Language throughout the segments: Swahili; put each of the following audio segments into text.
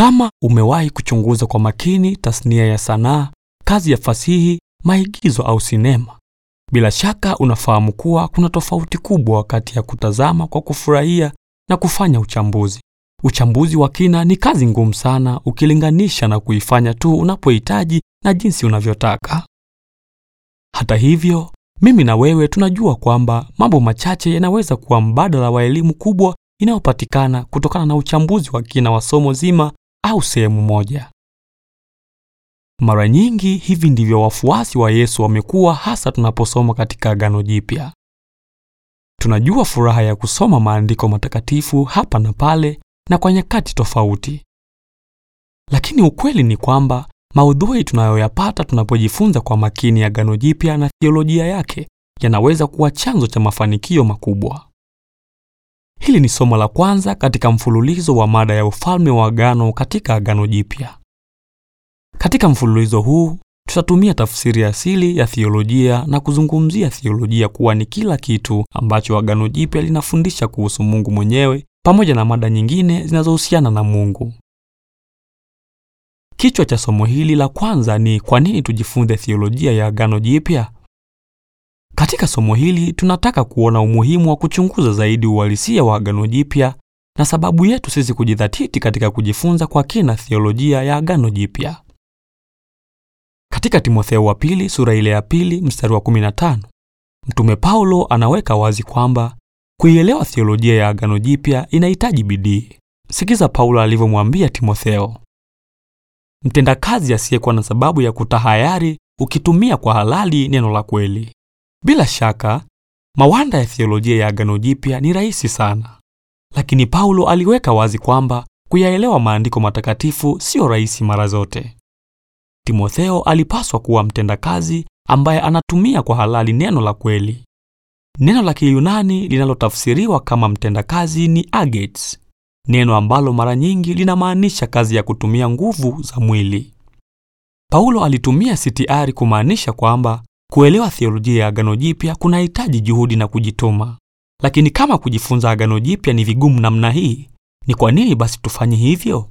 Kama umewahi kuchunguza kwa makini tasnia ya sanaa, kazi ya fasihi, maigizo au sinema, bila shaka unafahamu kuwa kuna tofauti kubwa kati ya kutazama kwa kufurahia na kufanya uchambuzi. Uchambuzi wa kina ni kazi ngumu sana ukilinganisha na kuifanya tu unapohitaji na jinsi unavyotaka. Hata hivyo, mimi na wewe tunajua kwamba mambo machache yanaweza kuwa mbadala wa elimu kubwa inayopatikana kutokana na uchambuzi wa kina wa somo zima au sehemu moja. Mara nyingi hivi ndivyo wafuasi wa Yesu wamekuwa, hasa tunaposoma katika Agano Jipya. Tunajua furaha ya kusoma maandiko matakatifu hapa na pale na kwa nyakati tofauti, lakini ukweli ni kwamba maudhui tunayoyapata tunapojifunza kwa makini Agano Jipya na theolojia yake yanaweza kuwa chanzo cha mafanikio makubwa. Hili ni somo la kwanza katika mfululizo wa mada ya ufalme wa agano katika Agano Jipya. Katika mfululizo huu tutatumia tafsiri asili ya theolojia na kuzungumzia theolojia kuwa ni kila kitu ambacho Agano Jipya linafundisha kuhusu Mungu mwenyewe pamoja na mada nyingine zinazohusiana na Mungu. Kichwa cha somo hili la kwanza ni kwa nini tujifunze theolojia ya Agano Jipya? Katika somo hili tunataka kuona umuhimu wa kuchunguza zaidi uhalisia wa Agano Jipya na sababu yetu sisi kujidhatiti katika kujifunza kwa kina theolojia ya Agano Jipya. Katika Timotheo wa pili sura ile ya pili mstari wa 15, Mtume Paulo anaweka wazi kwamba kuielewa theolojia ya Agano Jipya inahitaji bidii. Sikiza Paulo alivyomwambia Timotheo, mtendakazi asiyekuwa na sababu ya kutahayari ukitumia kwa halali neno la kweli. Bila shaka, mawanda ya theolojia ya Agano Jipya ni rahisi sana, lakini Paulo aliweka wazi kwamba kuyaelewa maandiko matakatifu sio rahisi mara zote. Timotheo alipaswa kuwa mtendakazi ambaye anatumia kwa halali neno la kweli. Neno la Kiyunani linalotafsiriwa kama mtendakazi ni agetes, neno ambalo mara nyingi linamaanisha kazi ya kutumia nguvu za mwili. Paulo alitumia sitiari kumaanisha kwamba Kuelewa theolojia ya Agano Jipya kunahitaji juhudi na kujituma. Lakini kama kujifunza Agano Jipya ni vigumu namna hii, ni kwa nini basi tufanye hivyo?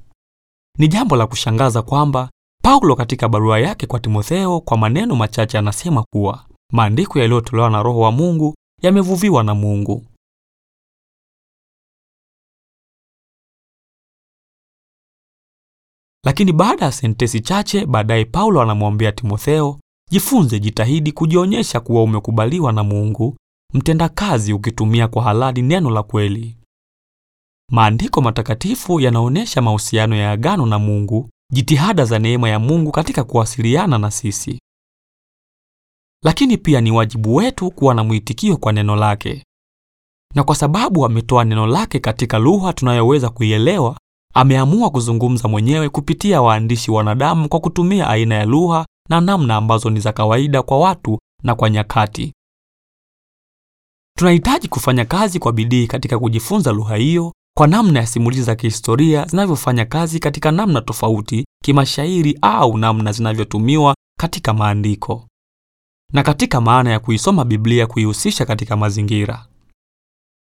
Ni jambo la kushangaza kwamba Paulo katika barua yake kwa Timotheo kwa maneno machache anasema kuwa maandiko yaliyotolewa na Roho wa Mungu yamevuviwa na Mungu. Lakini baada ya sentesi chache baadaye Paulo anamwambia Timotheo Jifunze, jitahidi kujionyesha kuwa umekubaliwa na Mungu, mtendakazi ukitumia kwa halali neno la kweli. Maandiko matakatifu yanaonyesha mahusiano ya agano na Mungu, jitihada za neema ya Mungu katika kuwasiliana na sisi. Lakini pia ni wajibu wetu kuwa na mwitikio kwa neno lake. Na kwa sababu ametoa neno lake katika lugha tunayoweza kuielewa, ameamua kuzungumza mwenyewe kupitia waandishi wanadamu kwa kutumia aina ya lugha na namna ambazo ni za kawaida kwa watu na kwa nyakati. Tunahitaji kufanya kazi kwa bidii katika kujifunza lugha hiyo kwa namna ya simulizi za kihistoria zinavyofanya kazi katika namna tofauti kimashairi au namna zinavyotumiwa katika maandiko na katika maana ya kuisoma Biblia kuihusisha katika mazingira.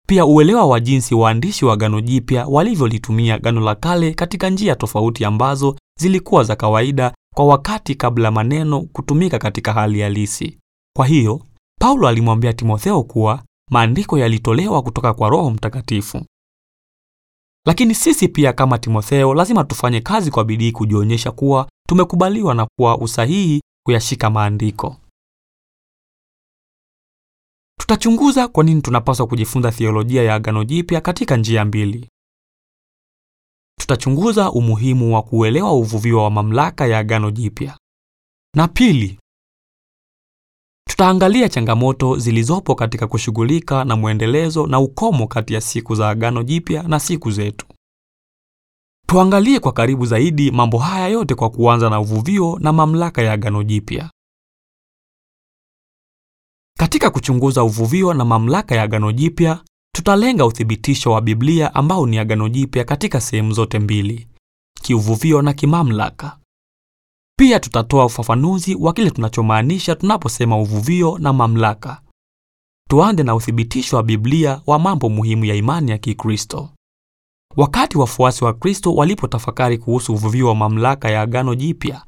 Pia uelewa wa jinsi waandishi wa Agano Jipya walivyolitumia Agano la Kale katika njia tofauti ambazo zilikuwa za kawaida kwa wakati kabla maneno kutumika katika hali halisi. Kwa hiyo, Paulo alimwambia Timotheo kuwa maandiko yalitolewa kutoka kwa Roho Mtakatifu. Lakini sisi pia kama Timotheo lazima tufanye kazi kwa bidii kujionyesha kuwa tumekubaliwa na kuwa usahihi kuyashika maandiko. Tutachunguza kwa nini tunapaswa kujifunza thiolojia ya Agano Jipya katika njia mbili tutachunguza umuhimu wa kuelewa uvuvio wa mamlaka ya Agano Jipya. Na pili, tutaangalia changamoto zilizopo katika kushughulika na mwendelezo na ukomo kati ya siku za Agano Jipya na siku zetu. Tuangalie kwa karibu zaidi mambo haya yote kwa kuanza na uvuvio na mamlaka ya Agano Jipya. Katika kuchunguza uvuvio na mamlaka ya Agano Jipya, Tutalenga uthibitisho wa Biblia ambao ni Agano Jipya katika sehemu zote mbili, kiuvuvio na kimamlaka. Pia tutatoa ufafanuzi wa kile tunachomaanisha tunaposema uvuvio na mamlaka. tuande na uthibitisho wa Biblia wa mambo muhimu ya imani ya Kikristo. Wakati wafuasi wa Kristo walipotafakari kuhusu uvuvio wa mamlaka ya Agano Jipya,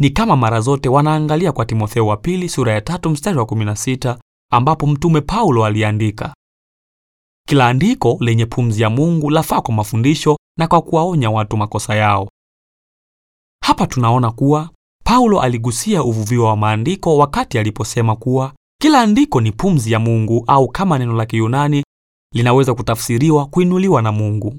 ni kama mara zote wanaangalia kwa Timotheo wa pili sura ya tatu mstari wa 16 ambapo Mtume Paulo aliandika, kila andiko lenye pumzi ya Mungu lafaa kwa mafundisho na kwa kuwaonya watu makosa yao. Hapa tunaona kuwa Paulo aligusia uvuvio wa maandiko wakati aliposema kuwa kila andiko ni pumzi ya Mungu au kama neno la Kiyunani linaweza kutafsiriwa kuinuliwa na Mungu.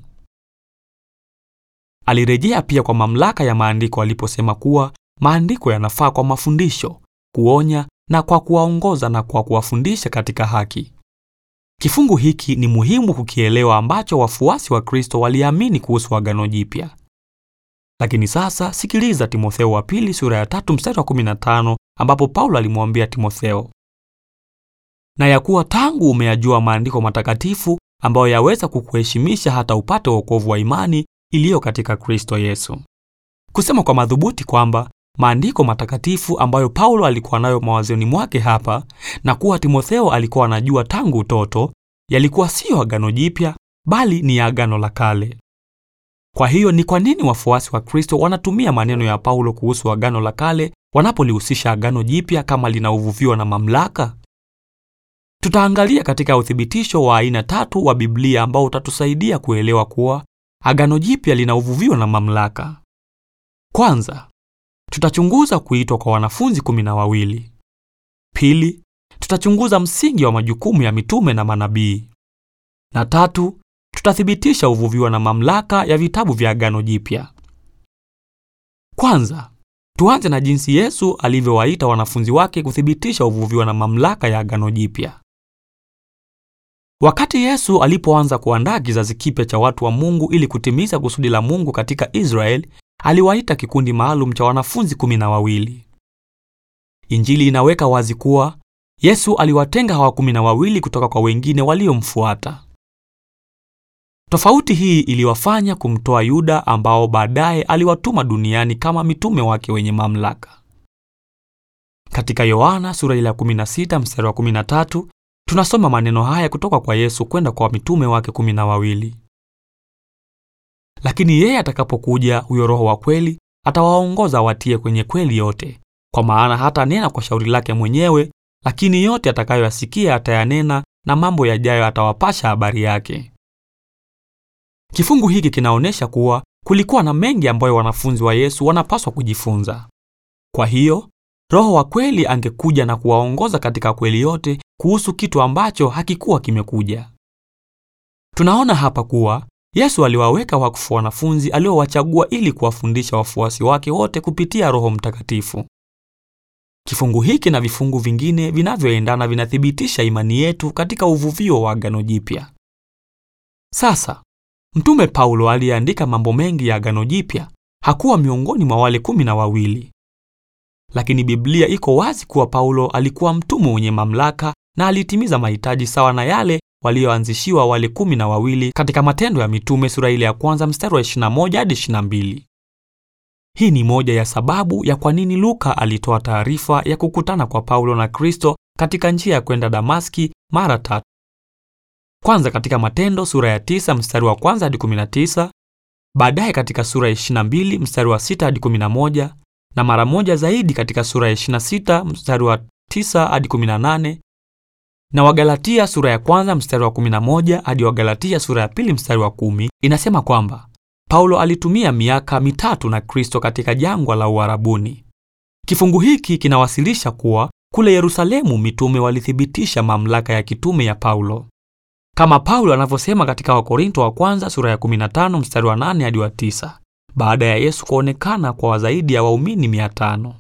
Alirejea pia kwa mamlaka ya maandiko aliposema kuwa maandiko yanafaa kwa mafundisho, kuonya na kwa kuwaongoza na kwa kuwafundisha katika haki. Kifungu hiki ni muhimu kukielewa ambacho wafuasi wa Kristo waliamini kuhusu Agano Jipya. Lakini sasa sikiliza Timotheo wa pili sura ya tatu mstari wa 15 ambapo Paulo alimwambia Timotheo, na ya kuwa tangu umeyajua maandiko matakatifu ambayo yaweza kukuheshimisha hata upate wokovu wa imani iliyo katika Kristo Yesu. Kusema kwa madhubuti kwamba maandiko matakatifu ambayo Paulo alikuwa nayo mawazoni mwake hapa na kuwa Timotheo alikuwa anajua tangu utoto, yalikuwa siyo agano jipya bali ni agano la kale. Kwa hiyo ni kwa nini wafuasi wa Kristo wanatumia maneno ya Paulo kuhusu agano la kale wanapolihusisha agano jipya kama linauvuviwa na mamlaka? Tutaangalia katika uthibitisho wa aina tatu wa Biblia ambao utatusaidia kuelewa kuwa agano jipya linauvuviwa na mamlaka. Kwanza, tutachunguza kuitwa kwa wanafunzi kumi na wawili. Pili, tutachunguza msingi wa majukumu ya mitume na manabii. Na tatu, tutathibitisha uvuviwa na mamlaka ya vitabu vya Agano Jipya. Kwanza, tuanze na jinsi Yesu alivyowaita wanafunzi wake kuthibitisha uvuviwa na mamlaka ya Agano Jipya. Wakati Yesu alipoanza kuandaa kizazi kipya cha watu wa Mungu ili kutimiza kusudi la Mungu katika Israeli, aliwaita kikundi maalum cha wanafunzi kumi na wawili. Injili inaweka wazi kuwa Yesu aliwatenga hawa kumi na wawili kutoka kwa wengine waliomfuata. Tofauti hii iliwafanya kumtoa Yuda ambao baadaye aliwatuma duniani kama mitume wake wenye mamlaka. Katika Yohana sura ya 16 mstari wa 13 tunasoma maneno haya kutoka kwa Yesu kwenda kwa mitume wake kumi na wawili. Lakini yeye atakapokuja, huyo Roho wa kweli atawaongoza watiye kwenye kweli yote, kwa maana hata nena kwa shauri lake mwenyewe, lakini yote atakayoyasikia atayanena, na mambo yajayo atawapasha habari yake. Kifungu hiki kinaonyesha kuwa kulikuwa na mengi ambayo wanafunzi wa Yesu wanapaswa kujifunza. Kwa hiyo Roho wa kweli angekuja na kuwaongoza katika kweli yote kuhusu kitu ambacho hakikuwa kimekuja. Tunaona hapa kuwa Yesu aliwaweka wakfu wanafunzi aliowachagua ili kuwafundisha wafuasi wake wote kupitia Roho Mtakatifu. Kifungu hiki na vifungu vingine vinavyoendana vinathibitisha imani yetu katika uvuvio wa Agano Jipya. Sasa, Mtume Paulo aliyeandika mambo mengi ya Agano Jipya hakuwa miongoni mwa wale kumi na wawili, lakini Biblia iko wazi kuwa Paulo alikuwa mtume mwenye mamlaka na alitimiza mahitaji sawa na yale walioanzishiwa wale kumi na wawili katika Matendo ya Mitume sura ile ya kwanza mstari wa 21 hadi 22. Hii ni moja ya sababu ya kwa nini Luka alitoa taarifa ya kukutana kwa Paulo na Kristo katika njia ya kwenda Damaski mara tatu. Kwanza katika Matendo sura ya 9 mstari wa kwanza hadi 19, baadaye katika sura ya 22 mstari wa 6 hadi 11 na mara moja zaidi katika sura ya 26 mstari wa 9 hadi 18 na Wagalatia sura ya kwanza mstari wa 11 hadi Wagalatia sura ya pili mstari wa kumi inasema kwamba Paulo alitumia miaka mitatu na Kristo katika jangwa la Uarabuni. Kifungu hiki kinawasilisha kuwa kule Yerusalemu mitume walithibitisha mamlaka ya kitume ya Paulo. Kama Paulo anavyosema katika Wakorinto wa kwanza sura ya 15 mstari wa 8 hadi wa 9, baada ya Yesu kuonekana kwa zaidi ya waumini 500.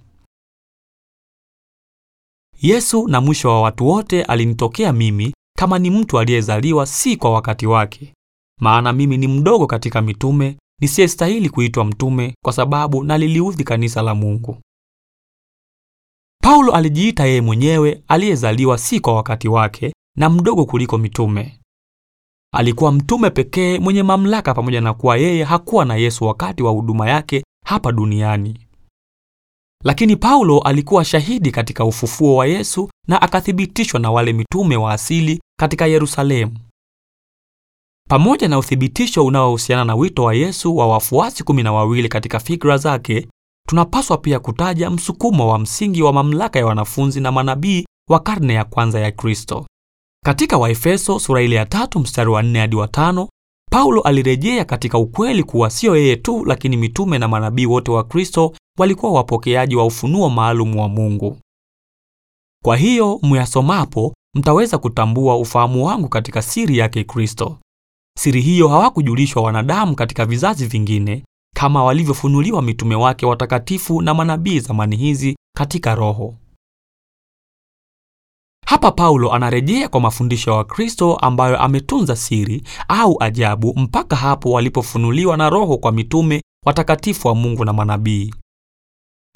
Yesu na mwisho wa watu wote alinitokea mimi kama ni mtu aliyezaliwa si kwa wakati wake, maana mimi ni mdogo katika mitume nisiyestahili kuitwa mtume kwa sababu naliliudhi kanisa la Mungu. Paulo alijiita yeye mwenyewe aliyezaliwa si kwa wakati wake na mdogo kuliko mitume. Alikuwa mtume pekee mwenye mamlaka pamoja na kuwa yeye hakuwa na Yesu wakati wa huduma yake hapa duniani. Lakini Paulo alikuwa shahidi katika ufufuo wa Yesu na akathibitishwa na wale mitume wa asili katika Yerusalemu. Pamoja na uthibitisho unaohusiana na wito wa Yesu wa wafuasi kumi na wawili katika fikra zake, tunapaswa pia kutaja msukumo wa msingi wa mamlaka ya wanafunzi na manabii wa karne ya kwanza ya Kristo. Katika Waefeso sura ile ya tatu mstari wa nne hadi wa tano Paulo alirejea katika ukweli kuwa siyo yeye tu, lakini mitume na manabii wote wa Kristo walikuwa wapokeaji wa ufunuo maalum wa Mungu. Kwa hiyo muyasomapo mtaweza kutambua ufahamu wangu katika siri yake Kristo. Siri hiyo hawakujulishwa wanadamu katika vizazi vingine kama walivyofunuliwa mitume wake watakatifu na manabii zamani hizi katika Roho. Hapa Paulo anarejea kwa mafundisho ya Wakristo ambayo ametunza siri au ajabu mpaka hapo walipofunuliwa na Roho kwa mitume watakatifu wa Mungu na manabii.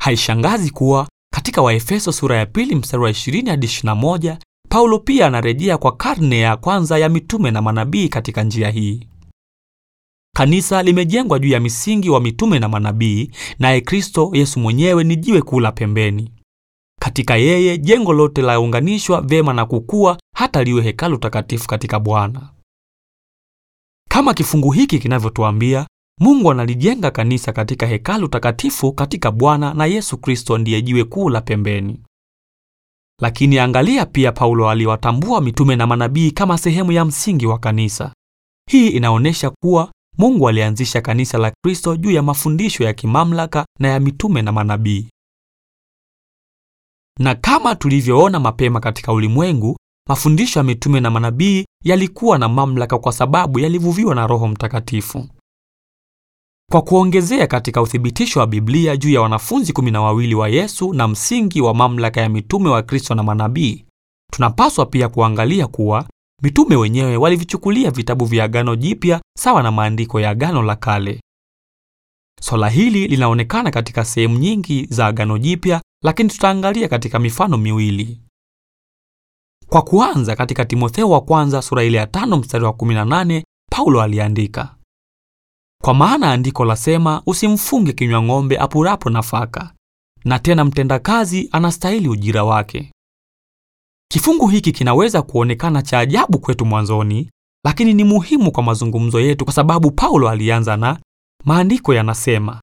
Haishangazi kuwa katika Waefeso sura ya pili mstari wa 20 hadi 21, Paulo pia anarejea kwa karne ya kwanza ya mitume na manabii katika njia hii. Kanisa limejengwa juu ya misingi wa mitume na manabii, naye Kristo Yesu mwenyewe ni jiwe kula pembeni. Katika yeye jengo lote launganishwa vyema na kukua hata liwe hekalu takatifu katika Bwana. Kama kifungu hiki kinavyotuambia, Mungu analijenga kanisa katika hekalu takatifu katika Bwana na Yesu Kristo ndiye jiwe kuu la pembeni. Lakini angalia pia, Paulo aliwatambua mitume na manabii kama sehemu ya msingi wa kanisa. Hii inaonyesha kuwa Mungu alianzisha kanisa la Kristo juu ya mafundisho ya kimamlaka na ya mitume na manabii. Na kama tulivyoona mapema katika ulimwengu, mafundisho ya mitume na manabii yalikuwa na mamlaka kwa sababu yalivuviwa na Roho Mtakatifu. Kwa kuongezea katika uthibitisho wa Biblia juu ya wanafunzi kumi na wawili wa Yesu na msingi wa mamlaka ya mitume wa Kristo na manabii, tunapaswa pia kuangalia kuwa mitume wenyewe walivichukulia vitabu vya Agano Jipya sawa na maandiko ya Agano la Kale. Swala hili linaonekana katika sehemu nyingi za Agano Jipya, lakini tutaangalia katika mifano miwili. Kwa kuanza katika Timotheo wa kwanza sura ile ya 5 mstari wa 18, Paulo aliandika kwa maana andiko lasema, usimfunge kinywa ng'ombe apurapo nafaka, na tena mtendakazi anastahili ujira wake. Kifungu hiki kinaweza kuonekana cha ajabu kwetu mwanzoni, lakini ni muhimu kwa mazungumzo yetu, kwa sababu Paulo alianza na maandiko yanasema,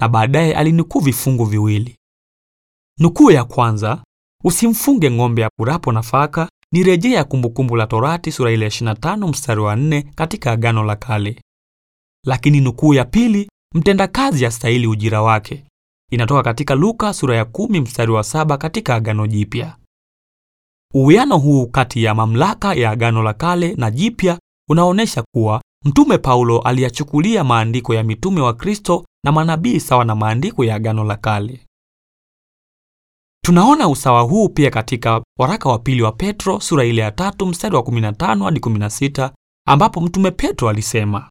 na baadaye alinukuu vifungu viwili. Nukuu ya kwanza, usimfunge ng'ombe apurapo nafaka, ni rejea ya Kumbukumbu la Torati sura ile 25 mstari wa 4 katika Agano la Kale. Lakini nukuu ya pili, mtendakazi astahili ujira wake, inatoka katika Luka sura ya kumi mstari wa saba katika Agano Jipya. Uwiano huu kati ya mamlaka ya Agano la Kale na Jipya unaonyesha kuwa Mtume Paulo aliyachukulia maandiko ya mitume wa Kristo na manabii sawa na maandiko ya Agano la Kale. Tunaona usawa huu pia katika waraka wa pili wa Petro sura ile ya tatu mstari wa 15 hadi 16 ambapo Mtume Petro alisema,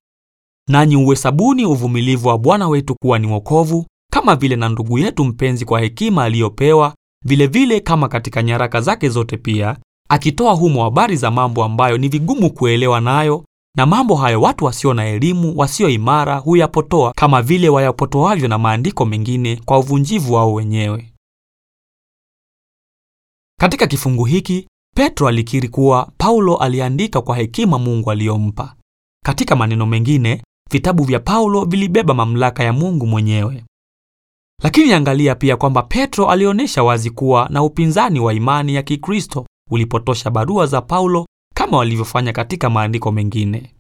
nanyi uhesabuni uvumilivu wa Bwana wetu kuwa ni wokovu, kama vile na ndugu yetu mpenzi kwa hekima aliyopewa, vilevile kama katika nyaraka zake zote pia, akitoa humo habari za mambo ambayo ni vigumu kuelewa nayo, na mambo hayo watu wasio na elimu, wasio imara huyapotoa, kama vile wayapotoavyo na maandiko mengine kwa uvunjivu wao wenyewe. Katika kifungu hiki Petro alikiri kuwa Paulo aliandika kwa hekima Mungu aliyompa. Katika maneno mengine, vitabu vya Paulo vilibeba mamlaka ya Mungu mwenyewe. Lakini angalia pia kwamba Petro alionyesha wazi kuwa na upinzani wa imani ya Kikristo ulipotosha barua za Paulo kama walivyofanya katika maandiko mengine.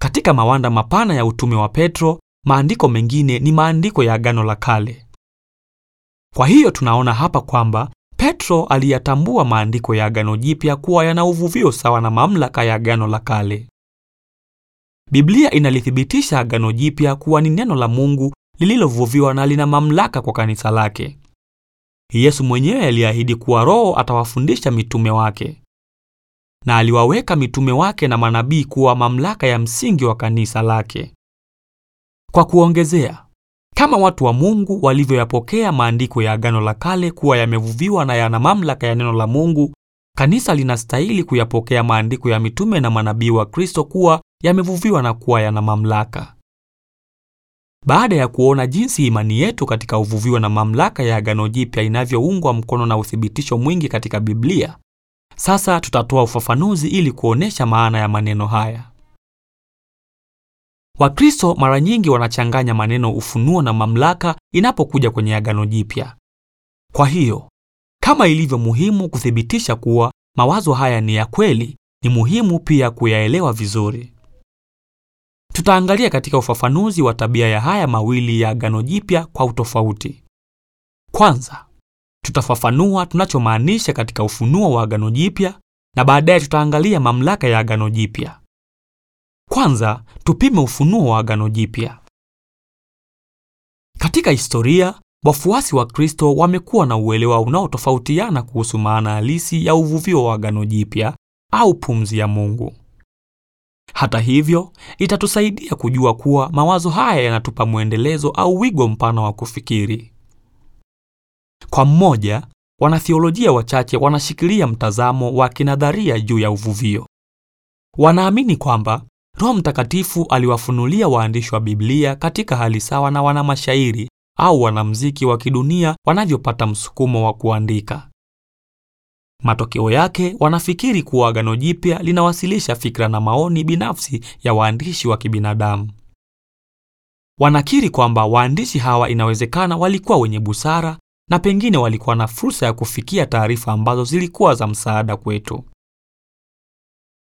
Katika mawanda mapana ya utume wa Petro, maandiko mengine ni maandiko ya Agano la Kale. Kwa hiyo tunaona hapa kwamba Petro aliyatambua maandiko ya Agano Jipya kuwa yana uvuvio sawa na mamlaka ya Agano la Kale. Biblia inalithibitisha Agano Jipya kuwa ni neno la Mungu lililovuviwa na lina mamlaka kwa kanisa lake. Yesu mwenyewe aliahidi kuwa Roho atawafundisha mitume wake, na aliwaweka mitume wake na manabii kuwa mamlaka ya msingi wa kanisa lake. Kwa kuongezea, kama watu wa Mungu walivyoyapokea maandiko ya Agano la Kale kuwa yamevuviwa na yana mamlaka ya neno la Mungu, kanisa linastahili kuyapokea maandiko ya mitume na manabii wa Kristo kuwa yamevuviwa na kuwa yana mamlaka. Baada ya kuona jinsi imani yetu katika uvuviwa na mamlaka ya Agano Jipya inavyoungwa mkono na uthibitisho mwingi katika Biblia, sasa tutatoa ufafanuzi ili kuonesha maana ya maneno haya. Wakristo mara nyingi wanachanganya maneno ufunuo na mamlaka inapokuja kwenye Agano Jipya. Kwa hiyo, kama ilivyo muhimu kuthibitisha kuwa mawazo haya ni ya kweli, ni muhimu pia kuyaelewa vizuri. Tutaangalia katika ufafanuzi wa tabia ya haya mawili ya Agano Jipya kwa utofauti. Kwanza, tutafafanua tunachomaanisha katika ufunuo wa Agano Jipya na baadaye tutaangalia mamlaka ya Agano Jipya. Kwanza, tupime ufunuo wa Agano Jipya. Katika historia, wafuasi wa Kristo wamekuwa na uelewa unaotofautiana kuhusu maana halisi ya uvuvio wa Agano Jipya au pumzi ya Mungu. Hata hivyo, itatusaidia kujua kuwa mawazo haya yanatupa mwendelezo au wigo mpana wa kufikiri. Kwa mmoja, wanathiolojia wachache wanashikilia mtazamo wa kinadharia juu ya uvuvio. Wanaamini kwamba Roho Mtakatifu aliwafunulia waandishi wa Biblia katika hali sawa na wana mashairi au wanamuziki wa kidunia wanavyopata msukumo wa kuandika. Matokeo yake wanafikiri kuwa Agano Jipya linawasilisha fikra na maoni binafsi ya waandishi wa kibinadamu. Wanakiri kwamba waandishi hawa inawezekana walikuwa wenye busara na pengine walikuwa na fursa ya kufikia taarifa ambazo zilikuwa za msaada kwetu.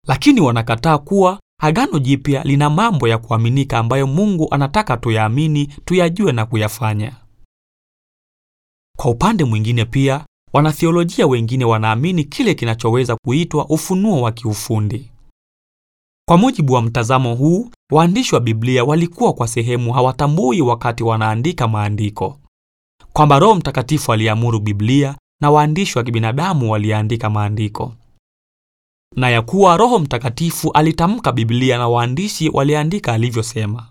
Lakini wanakataa kuwa Agano Jipya lina mambo ya kuaminika ambayo Mungu anataka tuyaamini, tuyajue na kuyafanya. Kwa upande mwingine pia Wanathiolojia wengine wanaamini kile kinachoweza kuitwa ufunuo wa kiufundi. Kwa mujibu wa mtazamo huu, waandishi wa Biblia walikuwa kwa sehemu hawatambui wakati wanaandika maandiko kwamba Roho Mtakatifu aliamuru Biblia na waandishi wa kibinadamu waliandika maandiko, na ya kuwa Roho Mtakatifu alitamka Biblia na waandishi waliandika alivyosema.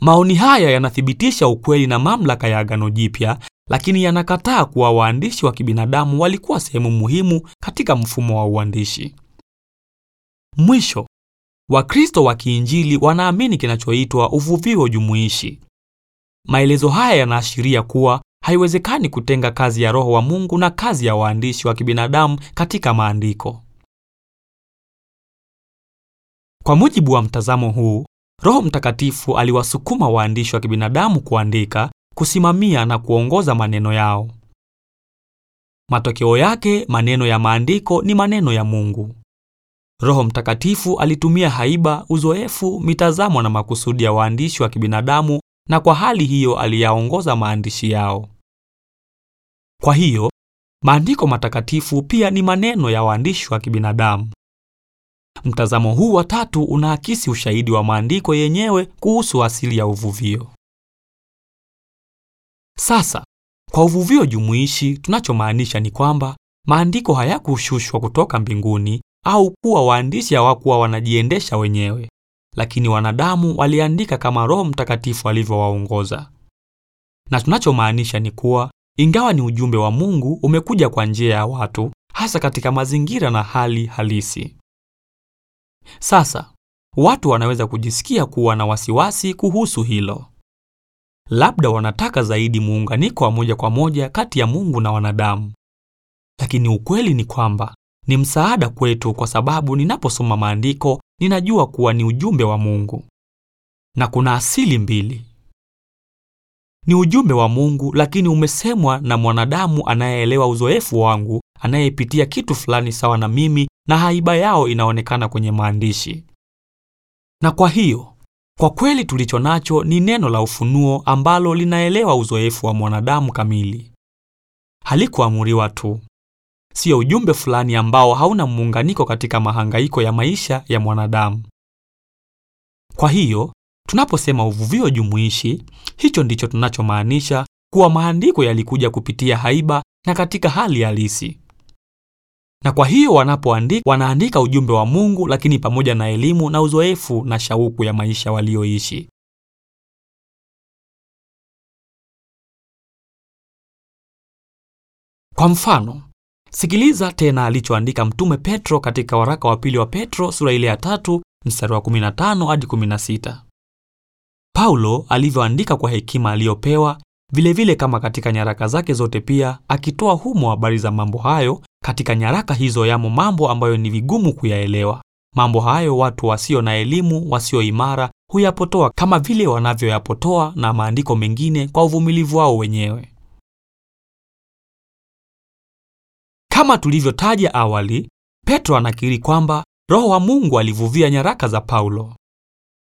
Maoni haya yanathibitisha ukweli na mamlaka ya Agano Jipya lakini yanakataa kuwa waandishi wa kibinadamu walikuwa sehemu muhimu katika mfumo wa uandishi. Mwisho, Wakristo wa kiinjili wanaamini kinachoitwa uvuvio jumuishi. Maelezo haya yanaashiria kuwa haiwezekani kutenga kazi ya Roho wa Mungu na kazi ya waandishi wa kibinadamu katika maandiko. Kwa mujibu wa mtazamo huu, Roho Mtakatifu aliwasukuma waandishi wa kibinadamu kuandika kusimamia na kuongoza maneno yao. Matokeo yake maneno ya maandiko ni maneno ya Mungu. Roho Mtakatifu alitumia haiba, uzoefu, mitazamo na makusudi ya waandishi wa kibinadamu na kwa hali hiyo aliyaongoza maandishi yao. Kwa hiyo, maandiko matakatifu pia ni maneno ya waandishi wa kibinadamu. Mtazamo huu wa tatu unaakisi ushahidi wa maandiko yenyewe kuhusu asili ya uvuvio. Sasa, kwa uvuvio jumuishi tunachomaanisha ni kwamba maandiko hayakushushwa kutoka mbinguni au kuwa waandishi hawakuwa wanajiendesha wenyewe, lakini wanadamu waliandika kama Roho Mtakatifu alivyowaongoza. Na tunachomaanisha ni kuwa ingawa ni ujumbe wa Mungu umekuja kwa njia ya watu, hasa katika mazingira na hali halisi. Sasa, watu wanaweza kujisikia kuwa na wasiwasi kuhusu hilo labda wanataka zaidi muunganiko wa moja kwa moja kati ya Mungu na wanadamu. Lakini ukweli ni kwamba ni msaada kwetu, kwa sababu ninaposoma maandiko ninajua kuwa ni ujumbe wa Mungu na kuna asili mbili. Ni ujumbe wa Mungu, lakini umesemwa na mwanadamu anayeelewa uzoefu wangu, anayepitia kitu fulani sawa na mimi, na haiba yao inaonekana kwenye maandishi. Na kwa hiyo kwa kweli tulicho nacho ni neno la ufunuo ambalo linaelewa uzoefu wa mwanadamu kamili. Halikuamuriwa tu, siyo ujumbe fulani ambao hauna muunganiko katika mahangaiko ya maisha ya mwanadamu. Kwa hiyo tunaposema uvuvio jumuishi, hicho ndicho tunachomaanisha kuwa maandiko yalikuja kupitia haiba na katika hali halisi. Na kwa hiyo wanapoandika, wanaandika ujumbe wa Mungu, lakini pamoja na elimu na uzoefu na shauku ya maisha walioishi. Kwa mfano, sikiliza tena alichoandika Mtume Petro katika waraka wa pili wa Petro sura ile ya tatu mstari wa 15 hadi 16. Paulo alivyoandika kwa hekima aliyopewa, vilevile vile kama katika nyaraka zake zote pia akitoa humo habari za mambo hayo katika nyaraka hizo yamo mambo ambayo ni vigumu kuyaelewa. Mambo hayo watu wasio na elimu, wasio imara huyapotoa kama vile wanavyoyapotoa na maandiko mengine kwa uvumilivu wao wenyewe. Kama tulivyotaja awali, Petro anakiri kwamba Roho wa Mungu alivuvia nyaraka za Paulo.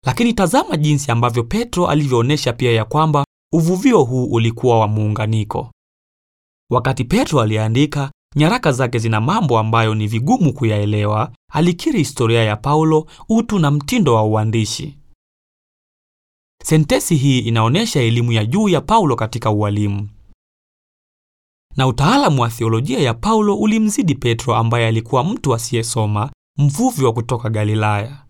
Lakini tazama jinsi ambavyo Petro alivyoonyesha pia ya kwamba uvuvio huu ulikuwa wa muunganiko. Wakati Petro aliandika, Nyaraka zake zina mambo ambayo ni vigumu kuyaelewa. Alikiri historia ya Paulo, utu na mtindo wa uandishi. sentesi hii inaonyesha elimu ya juu ya Paulo katika ualimu na utaalamu wa theolojia ya Paulo ulimzidi Petro ambaye alikuwa mtu asiyesoma, mvuvi wa kutoka Galilaya.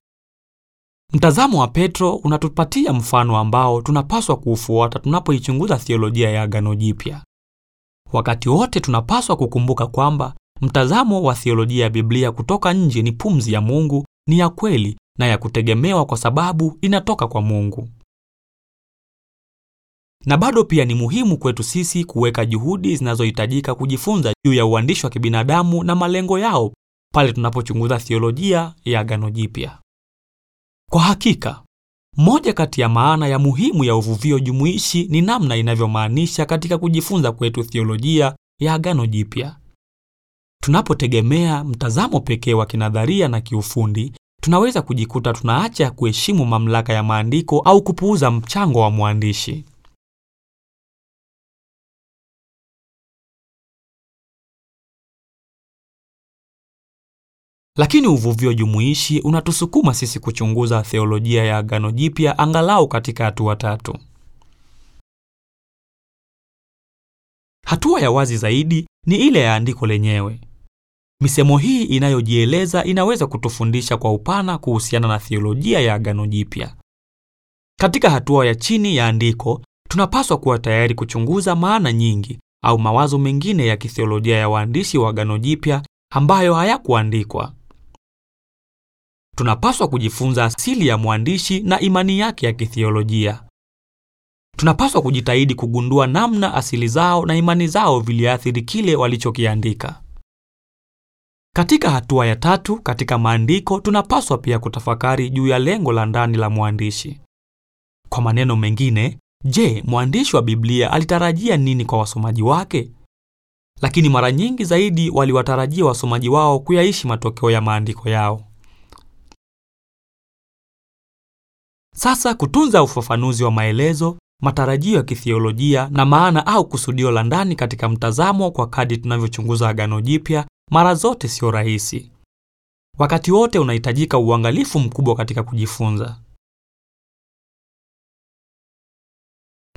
Mtazamo wa Petro unatupatia mfano ambao tunapaswa kuufuata tunapoichunguza theolojia ya Agano Jipya. Wakati wote tunapaswa kukumbuka kwamba mtazamo wa theolojia ya Biblia kutoka nje ni pumzi ya Mungu, ni ya kweli na ya kutegemewa kwa sababu inatoka kwa Mungu. Na bado pia ni muhimu kwetu sisi kuweka juhudi zinazohitajika kujifunza juu ya uandishi wa kibinadamu na malengo yao pale tunapochunguza theolojia ya Agano Jipya. Kwa hakika, moja kati ya maana ya muhimu ya uvuvio jumuishi ni namna inavyomaanisha katika kujifunza kwetu thiolojia ya Agano Jipya. Tunapotegemea mtazamo pekee wa kinadharia na kiufundi, tunaweza kujikuta tunaacha kuheshimu mamlaka ya maandiko au kupuuza mchango wa mwandishi. Lakini uvuvio jumuishi unatusukuma sisi kuchunguza theolojia ya Agano Jipya angalau katika hatua tatu. Hatua ya wazi zaidi ni ile ya andiko lenyewe. Misemo hii inayojieleza inaweza kutufundisha kwa upana kuhusiana na theolojia ya Agano Jipya. Katika hatua ya chini ya andiko, tunapaswa kuwa tayari kuchunguza maana nyingi au mawazo mengine ya kitheolojia ya waandishi wa Agano Jipya ambayo hayakuandikwa tunapaswa kujifunza asili ya mwandishi na imani yake ya kithiolojia. Tunapaswa kujitahidi kugundua namna asili zao na imani zao viliathiri kile walichokiandika. Katika hatua ya tatu katika maandiko, tunapaswa pia kutafakari juu ya lengo la ndani la mwandishi. Kwa maneno mengine, je, mwandishi wa Biblia alitarajia nini kwa wasomaji wake? Lakini mara nyingi zaidi waliwatarajia wasomaji wao kuyaishi matokeo ya maandiko yao. Sasa kutunza ufafanuzi wa maelezo, matarajio ya kithiolojia na maana au kusudio la ndani katika mtazamo kwa kadi tunavyochunguza Agano Jipya mara zote sio rahisi. Wakati wote unahitajika uangalifu mkubwa katika kujifunza.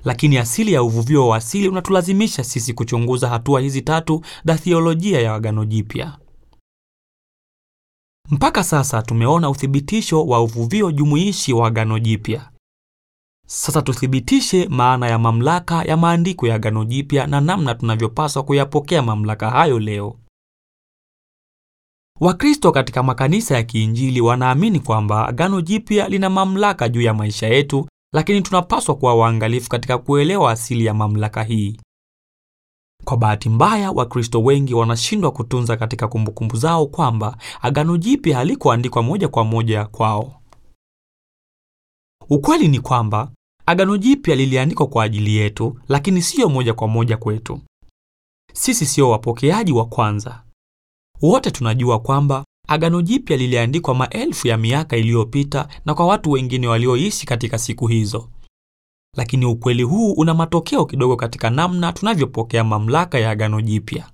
Lakini asili ya uvuvio wa asili unatulazimisha sisi kuchunguza hatua hizi tatu za thiolojia ya Agano Jipya. Mpaka sasa tumeona uthibitisho wa uvuvio jumuishi wa Agano Jipya. Sasa tuthibitishe maana ya mamlaka ya maandiko ya Agano Jipya na namna tunavyopaswa kuyapokea mamlaka hayo leo. Wakristo katika makanisa ya kiinjili wanaamini kwamba Agano Jipya lina mamlaka juu ya maisha yetu, lakini tunapaswa kuwa waangalifu katika kuelewa asili ya mamlaka hii. Kwa bahati mbaya, Wakristo wengi wanashindwa kutunza katika kumbukumbu kumbu zao kwamba Agano Jipya halikuandikwa moja kwa moja kwao. Ukweli ni kwamba Agano Jipya liliandikwa kwa ajili yetu, lakini siyo moja kwa moja kwetu. Sisi siyo wapokeaji wa kwanza. Wote tunajua kwamba Agano Jipya liliandikwa maelfu ya miaka iliyopita na kwa watu wengine walioishi katika siku hizo. Lakini ukweli huu una matokeo kidogo katika namna tunavyopokea mamlaka ya Agano Jipya.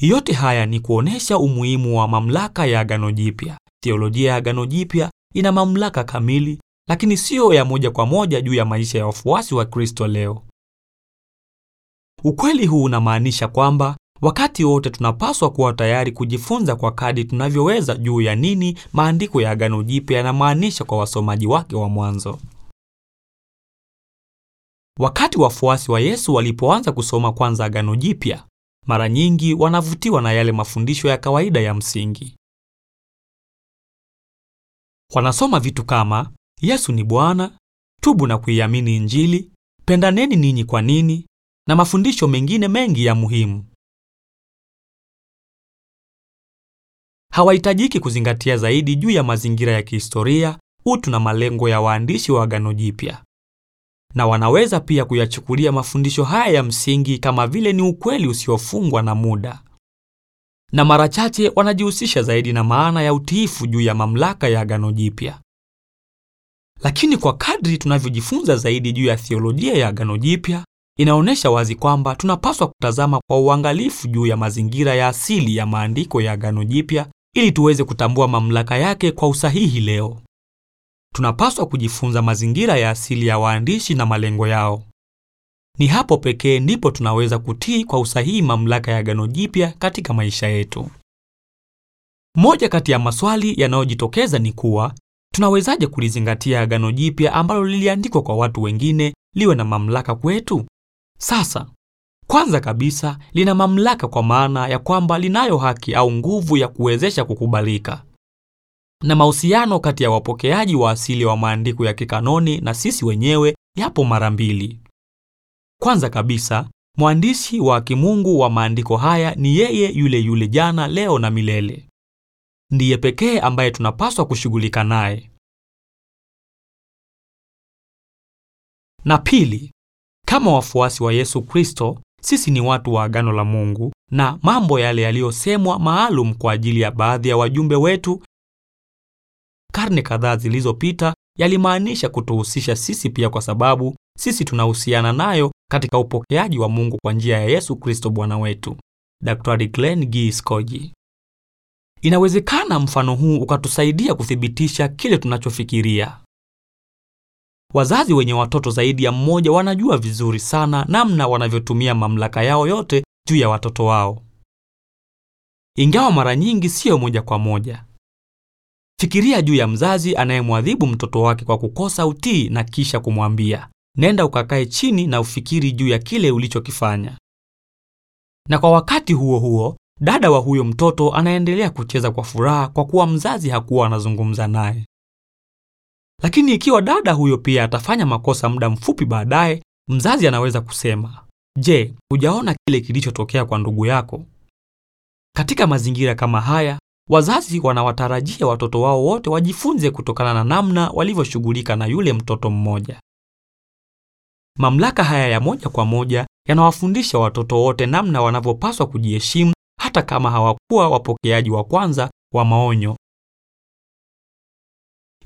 Yote haya ni kuonesha umuhimu wa mamlaka ya Agano Jipya. Teolojia ya Agano Jipya ina mamlaka kamili, lakini siyo ya moja kwa moja juu ya maisha ya wafuasi wa Kristo leo. Ukweli huu unamaanisha kwamba wakati wote tunapaswa kuwa tayari kujifunza kwa kadi tunavyoweza juu ya nini maandiko ya Agano Jipya yanamaanisha kwa wasomaji wake wa mwanzo. Wakati wafuasi wa Yesu walipoanza kusoma kwanza Agano Jipya, mara nyingi wanavutiwa na yale mafundisho ya kawaida ya msingi. Wanasoma vitu kama Yesu ni Bwana, tubu na kuiamini Injili, pendaneni ninyi kwa nini na mafundisho mengine mengi ya muhimu. Hawahitajiki kuzingatia zaidi juu ya mazingira ya kihistoria, utu na malengo ya waandishi wa Agano Jipya na wanaweza pia kuyachukulia mafundisho haya ya msingi kama vile ni ukweli usiofungwa na muda, na mara chache wanajihusisha zaidi na maana ya utiifu juu ya mamlaka ya Agano Jipya. Lakini kwa kadri tunavyojifunza zaidi juu ya theolojia ya Agano Jipya, inaonyesha wazi kwamba tunapaswa kutazama kwa uangalifu juu ya mazingira ya asili ya maandiko ya Agano Jipya ili tuweze kutambua mamlaka yake kwa usahihi leo tunapaswa kujifunza mazingira ya asili ya waandishi na malengo yao. Ni hapo pekee ndipo tunaweza kutii kwa usahihi mamlaka ya Agano Jipya katika maisha yetu. Moja kati ya maswali yanayojitokeza ni kuwa tunawezaje kulizingatia Agano Jipya ambalo liliandikwa kwa watu wengine liwe na mamlaka kwetu? Sasa, kwanza kabisa, lina mamlaka kwa maana ya kwamba linayo haki au nguvu ya kuwezesha kukubalika na mahusiano kati ya wapokeaji wa asili wa maandiko ya kikanoni na sisi wenyewe yapo mara mbili. Kwanza kabisa, mwandishi wa kimungu wa maandiko haya ni yeye yule yule jana, leo na milele. Ndiye pekee ambaye tunapaswa kushughulika naye. Na pili, kama wafuasi wa Yesu Kristo, sisi ni watu wa agano la Mungu na mambo yale yaliyosemwa maalum kwa ajili ya baadhi ya wajumbe wetu karne kadhaa zilizopita yalimaanisha kutuhusisha sisi pia, kwa sababu sisi tunahusiana nayo katika upokeaji wa Mungu kwa njia ya Yesu Kristo Bwana wetu. Dr. Glenn G. Skoji. Inawezekana mfano huu ukatusaidia kuthibitisha kile tunachofikiria. Wazazi wenye watoto zaidi ya mmoja wanajua vizuri sana namna wanavyotumia mamlaka yao yote juu ya watoto wao, ingawa mara nyingi siyo moja kwa moja. Fikiria juu ya mzazi anayemwadhibu mtoto wake kwa kukosa utii na kisha kumwambia, nenda ukakae chini na ufikiri juu ya kile ulichokifanya. Na kwa wakati huo huo, dada wa huyo mtoto anaendelea kucheza kwa furaha kwa kuwa mzazi hakuwa anazungumza naye. Lakini ikiwa dada huyo pia atafanya makosa muda mfupi baadaye, mzazi anaweza kusema, "Je, hujaona kile kilichotokea kwa ndugu yako?" Katika mazingira kama haya, Wazazi wanawatarajia watoto wao wote wajifunze kutokana na namna walivyoshughulika na yule mtoto mmoja. Mamlaka haya ya moja kwa moja yanawafundisha watoto wote namna wanavyopaswa kujiheshimu hata kama hawakuwa wapokeaji wa kwanza wa maonyo.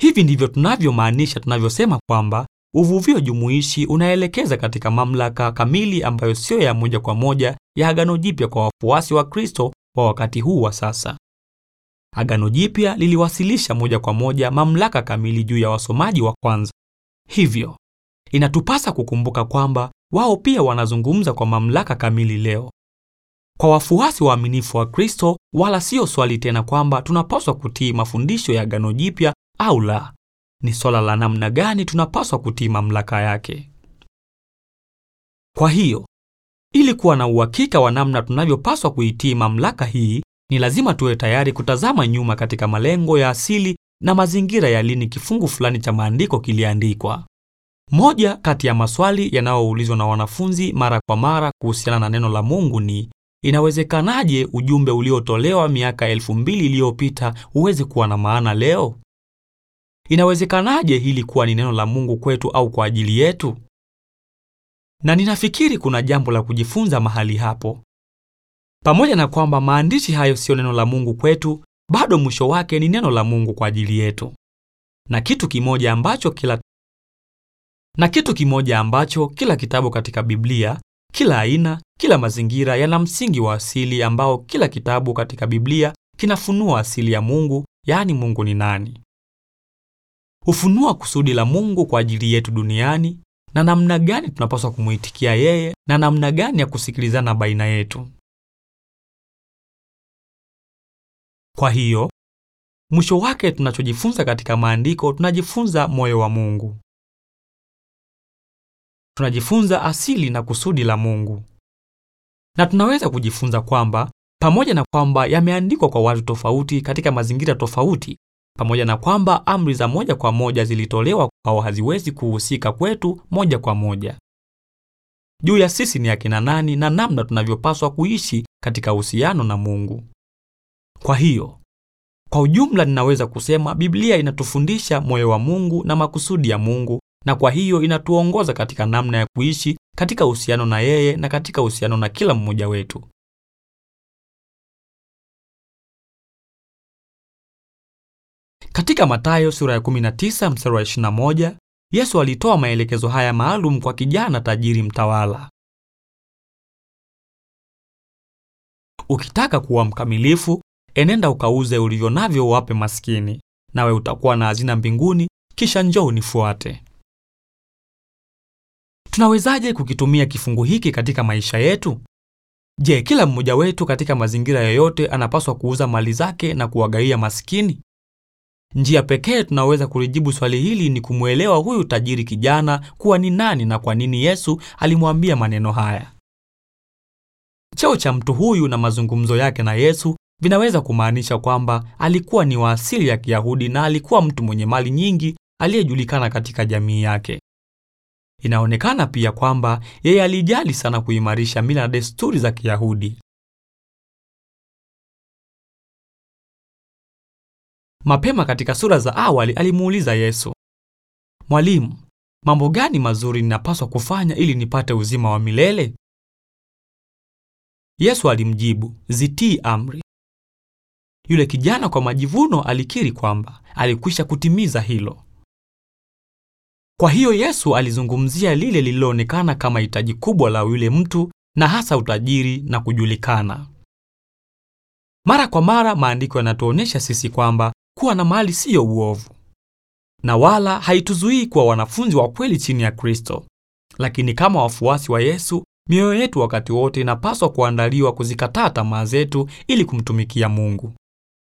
Hivi ndivyo tunavyomaanisha tunavyosema kwamba uvuvio jumuishi unaelekeza katika mamlaka kamili ambayo siyo ya moja kwa moja ya Agano Jipya kwa wafuasi wa Kristo wa wakati huu wa sasa. Agano Jipya liliwasilisha moja kwa moja mamlaka kamili juu ya wasomaji wa kwanza. Hivyo, inatupasa kukumbuka kwamba wao pia wanazungumza kwa mamlaka kamili leo. Kwa wafuasi waaminifu wa Kristo, wala sio swali tena kwamba tunapaswa kutii mafundisho ya Agano Jipya au la. Ni swala la namna gani tunapaswa kutii mamlaka yake. Kwa hiyo, ili kuwa na uhakika wa namna tunavyopaswa kuitii mamlaka hii, ni lazima tuwe tayari kutazama nyuma katika malengo ya asili na mazingira ya lini kifungu fulani cha maandiko kiliandikwa. Moja kati ya maswali yanayoulizwa na wanafunzi mara kwa mara kuhusiana na neno la Mungu ni inawezekanaje ujumbe uliotolewa miaka elfu mbili iliyopita uweze kuwa na maana leo? Inawezekanaje hili kuwa ni neno la Mungu kwetu au kwa ajili yetu? Na ninafikiri kuna jambo la kujifunza mahali hapo. Pamoja na kwamba maandishi hayo siyo neno la Mungu kwetu, bado mwisho wake ni neno la Mungu kwa ajili yetu. Na kitu kimoja ambacho kila na kitu kimoja ambacho kila kitabu katika Biblia, kila aina, kila mazingira yana msingi wa asili ambao kila kitabu katika Biblia kinafunua asili ya Mungu, yaani Mungu ni nani. Hufunua kusudi la Mungu kwa ajili yetu duniani na namna gani tunapaswa kumuitikia yeye na namna gani ya kusikilizana baina yetu. Kwa hiyo mwisho wake tunachojifunza katika maandiko, tunajifunza moyo wa Mungu, tunajifunza asili na kusudi la Mungu, na tunaweza kujifunza kwamba pamoja na kwamba yameandikwa kwa watu tofauti katika mazingira tofauti, pamoja na kwamba amri za moja kwa moja zilitolewa kwao, haziwezi kuhusika kwetu moja kwa moja juu ya sisi ni akina nani na namna tunavyopaswa kuishi katika uhusiano na Mungu. Kwa hiyo kwa ujumla ninaweza kusema Biblia inatufundisha moyo wa Mungu na makusudi ya Mungu, na kwa hiyo inatuongoza katika namna ya kuishi katika uhusiano na yeye na katika uhusiano na kila mmoja wetu. Katika Mathayo sura ya 19 mstari wa 21, Yesu alitoa maelekezo haya maalum kwa kijana tajiri mtawala: ukitaka kuwa mkamilifu enenda ukauze ulivyo navyo uwape maskini, nawe utakuwa na hazina mbinguni, kisha njoo unifuate. Tunawezaje kukitumia kifungu hiki katika maisha yetu? Je, kila mmoja wetu katika mazingira yoyote anapaswa kuuza mali zake na kuwagaia maskini? Njia pekee tunaweza kulijibu swali hili ni kumwelewa huyu tajiri kijana kuwa ni nani na kwa nini Yesu alimwambia maneno haya. Cheo cha mtu huyu na mazungumzo yake na Yesu vinaweza kumaanisha kwamba alikuwa ni wa asili ya Kiyahudi na alikuwa mtu mwenye mali nyingi aliyejulikana katika jamii yake. Inaonekana pia kwamba yeye alijali sana kuimarisha mila na desturi za Kiyahudi. Mapema katika sura za awali alimuuliza Yesu, Mwalimu, mambo gani mazuri ninapaswa kufanya ili nipate uzima wa milele? Yesu alimjibu, zitii amri. Yule kijana kwa majivuno alikiri kwamba alikwisha kutimiza hilo. Kwa hiyo Yesu alizungumzia lile lililoonekana kama hitaji kubwa la yule mtu na hasa utajiri na kujulikana. Mara kwa mara maandiko yanatuonyesha sisi kwamba kuwa na mali siyo uovu na wala haituzuii kuwa wanafunzi wa kweli chini ya Kristo. Lakini kama wafuasi wa Yesu, mioyo yetu wakati wote inapaswa kuandaliwa kuzikataa tamaa zetu ili kumtumikia Mungu.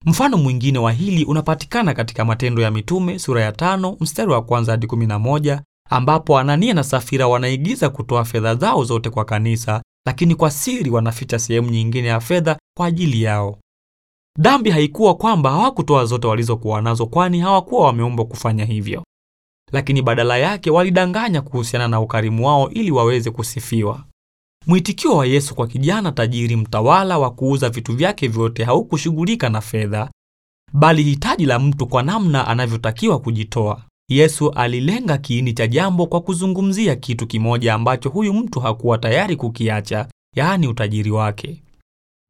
Mfano mwingine wa hili unapatikana katika Matendo ya Mitume sura ya tano mstari wa kwanza hadi 11 ambapo Anania na Safira wanaigiza kutoa fedha zao zote kwa kanisa, lakini kwa siri wanaficha sehemu nyingine ya fedha kwa ajili yao. Dhambi haikuwa kwamba hawakutoa zote walizokuwa nazo, kwani hawakuwa wameumbwa kufanya hivyo, lakini badala yake walidanganya kuhusiana na ukarimu wao ili waweze kusifiwa. Mwitikio wa Yesu kwa kijana tajiri mtawala wa kuuza vitu vyake vyote haukushughulika na fedha, bali hitaji la mtu kwa namna anavyotakiwa kujitoa. Yesu alilenga kiini cha jambo kwa kuzungumzia kitu kimoja ambacho huyu mtu hakuwa tayari kukiacha, yaani utajiri wake.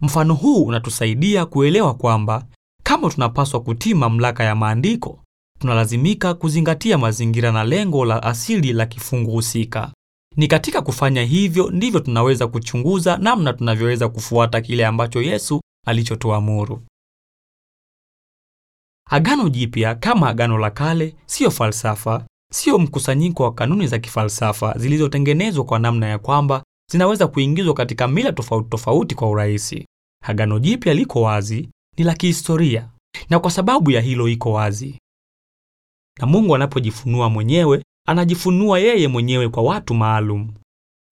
Mfano huu unatusaidia kuelewa kwamba kama tunapaswa kutii mamlaka ya maandiko, tunalazimika kuzingatia mazingira na lengo la asili la kifungu husika. Ni katika kufanya hivyo ndivyo tunaweza kuchunguza namna tunavyoweza kufuata kile ambacho Yesu alichotuamuru. Agano Jipya kama Agano la Kale siyo falsafa, siyo mkusanyiko wa kanuni za kifalsafa zilizotengenezwa kwa namna ya kwamba zinaweza kuingizwa katika mila tofauti tofauti kwa urahisi. Agano Jipya liko wazi, ni la kihistoria, na kwa sababu ya hilo iko wazi, na Mungu anapojifunua mwenyewe anajifunua yeye mwenyewe kwa watu maalum.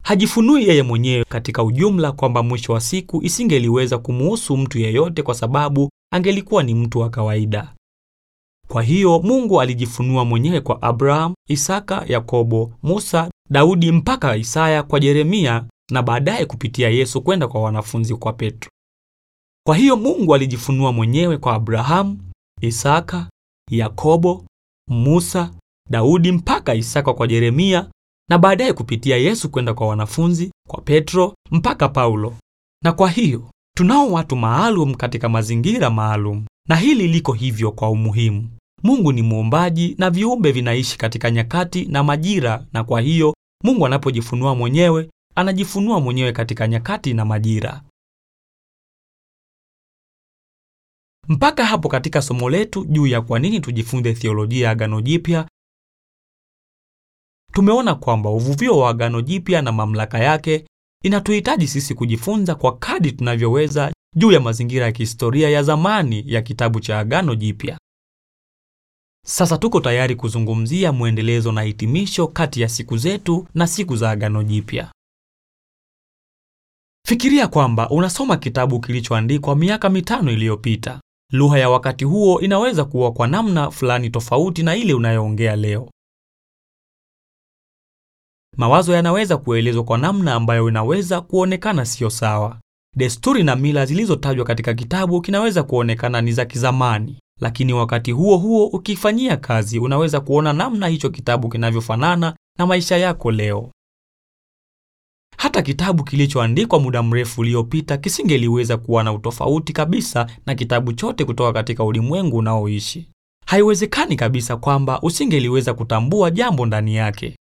Hajifunui yeye mwenyewe katika ujumla kwamba mwisho wa siku isingeliweza kumuhusu mtu yeyote kwa sababu angelikuwa ni mtu wa kawaida. Kwa hiyo Mungu alijifunua mwenyewe kwa Abraham, Isaka, Yakobo, Musa, Daudi mpaka Isaya kwa Yeremia na baadaye kupitia Yesu kwenda kwa wanafunzi kwa Petro. Kwa hiyo Mungu alijifunua mwenyewe kwa Abrahamu, Isaka, Yakobo, Musa, Daudi mpaka Isaka kwa Yeremia na baadaye kupitia Yesu kwenda kwa wanafunzi, kwa Petro mpaka Paulo. Na kwa hiyo tunao watu maalum katika mazingira maalum, na hili liko hivyo kwa umuhimu. Mungu ni muumbaji na viumbe vinaishi katika nyakati na majira, na kwa hiyo Mungu anapojifunua mwenyewe, anajifunua mwenyewe katika nyakati na majira. Mpaka hapo katika somo letu juu ya kwa nini tujifunze theolojia ya Agano Jipya tumeona kwamba uvuvio wa Agano Jipya na mamlaka yake inatuhitaji sisi kujifunza kwa kadi tunavyoweza juu ya mazingira ya kihistoria ya zamani ya kitabu cha Agano Jipya. Sasa tuko tayari kuzungumzia mwendelezo na hitimisho kati ya siku zetu na siku za Agano Jipya. Fikiria kwamba unasoma kitabu kilichoandikwa miaka mitano iliyopita. Lugha ya wakati huo inaweza kuwa kwa namna fulani tofauti na ile unayoongea leo. Mawazo yanaweza kuelezwa kwa namna ambayo inaweza kuonekana siyo sawa. Desturi na mila zilizotajwa katika kitabu kinaweza kuonekana ni za kizamani, lakini wakati huo huo ukifanyia kazi unaweza kuona namna hicho kitabu kinavyofanana na maisha yako leo. Hata kitabu kilichoandikwa muda mrefu uliopita kisingeliweza kuwa na utofauti kabisa na kitabu chote kutoka katika ulimwengu unaoishi. Haiwezekani kabisa kwamba usingeliweza kutambua jambo ndani yake.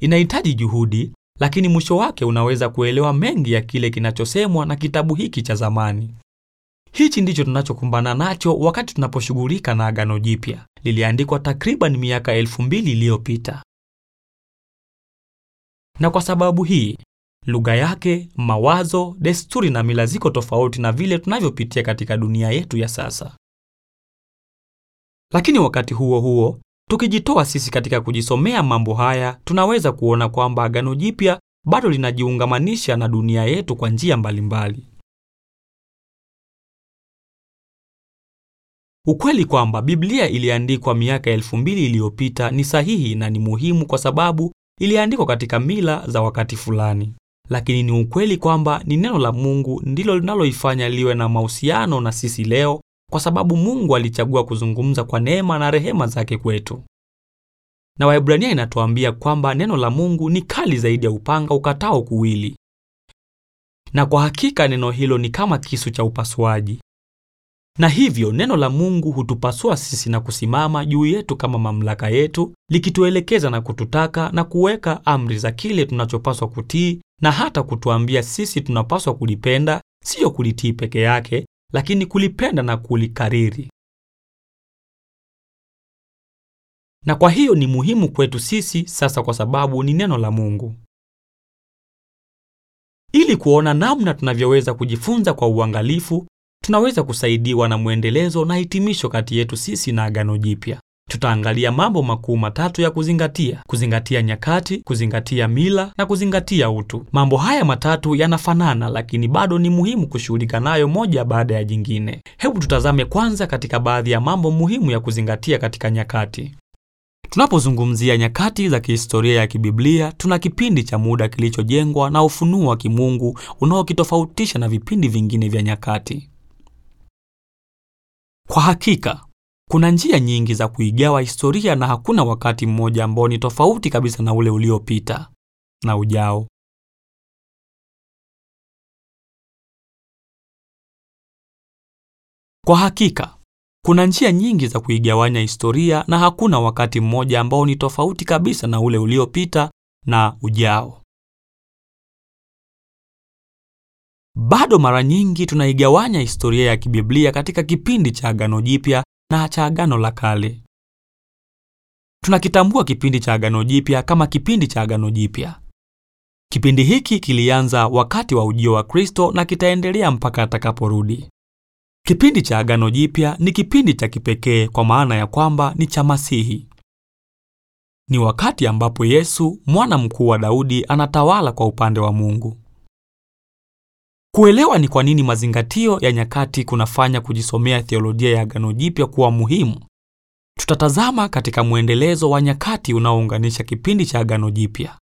Inahitaji juhudi, lakini mwisho wake unaweza kuelewa mengi ya kile kinachosemwa na kitabu hiki cha zamani. Hichi ndicho tunachokumbana nacho wakati tunaposhughulika na Agano Jipya. Liliandikwa takriban miaka elfu mbili iliyopita, na kwa sababu hii lugha yake, mawazo, desturi na mila ziko tofauti na vile tunavyopitia katika dunia yetu ya sasa. Lakini wakati huo huo Tukijitoa sisi katika kujisomea mambo haya, tunaweza kuona kwamba Agano Jipya bado linajiungamanisha na dunia yetu kwa njia mbalimbali. Ukweli kwamba Biblia iliandikwa miaka elfu mbili iliyopita ni sahihi na ni muhimu kwa sababu iliandikwa katika mila za wakati fulani. Lakini ni ukweli kwamba ni neno la Mungu ndilo linaloifanya liwe na mahusiano na sisi leo kwa sababu Mungu alichagua kuzungumza kwa neema na rehema zake kwetu. Na Waebrania inatuambia kwamba neno la Mungu ni kali zaidi ya upanga ukatao kuwili, na kwa hakika neno hilo ni kama kisu cha upasuaji, na hivyo neno la Mungu hutupasua sisi na kusimama juu yetu kama mamlaka yetu, likituelekeza na kututaka na kuweka amri za kile tunachopaswa kutii na hata kutuambia sisi tunapaswa kulipenda, siyo kulitii peke yake, lakini kulipenda na kulikariri. Na kwa hiyo ni muhimu kwetu sisi sasa, kwa sababu ni neno la Mungu, ili kuona namna tunavyoweza kujifunza kwa uangalifu. Tunaweza kusaidiwa na mwendelezo na hitimisho kati yetu sisi na Agano Jipya. Tutaangalia mambo makuu matatu ya kuzingatia: kuzingatia nyakati, kuzingatia mila na kuzingatia utu. Mambo haya matatu yanafanana, lakini bado ni muhimu kushughulika nayo moja baada ya jingine. Hebu tutazame kwanza katika baadhi ya mambo muhimu ya kuzingatia katika nyakati. Tunapozungumzia nyakati za kihistoria ya kibiblia, tuna kipindi cha muda kilichojengwa na ufunuo wa kimungu unaokitofautisha na vipindi vingine vya nyakati. Kwa hakika kuna njia nyingi za kuigawa historia na hakuna wakati mmoja ambao ni tofauti kabisa na ule uliopita na ujao. Kwa hakika, kuna njia nyingi za kuigawanya historia na hakuna wakati mmoja ambao ni tofauti kabisa na ule uliopita na ujao. Bado mara nyingi tunaigawanya historia ya kibiblia katika kipindi cha Agano Jipya na cha Agano la Kale. Tunakitambua kipindi cha Agano Jipya kama kipindi cha Agano Jipya. Kipindi hiki kilianza wakati wa ujio wa Kristo na kitaendelea mpaka atakaporudi. Kipindi cha Agano Jipya ni kipindi cha kipekee kwa maana ya kwamba ni cha Masihi. Ni wakati ambapo Yesu, mwana mkuu wa Daudi, anatawala kwa upande wa Mungu. Kuelewa ni kwa nini mazingatio ya nyakati kunafanya kujisomea theolojia ya Agano Jipya kuwa muhimu. Tutatazama katika mwendelezo wa nyakati unaounganisha kipindi cha Agano Jipya.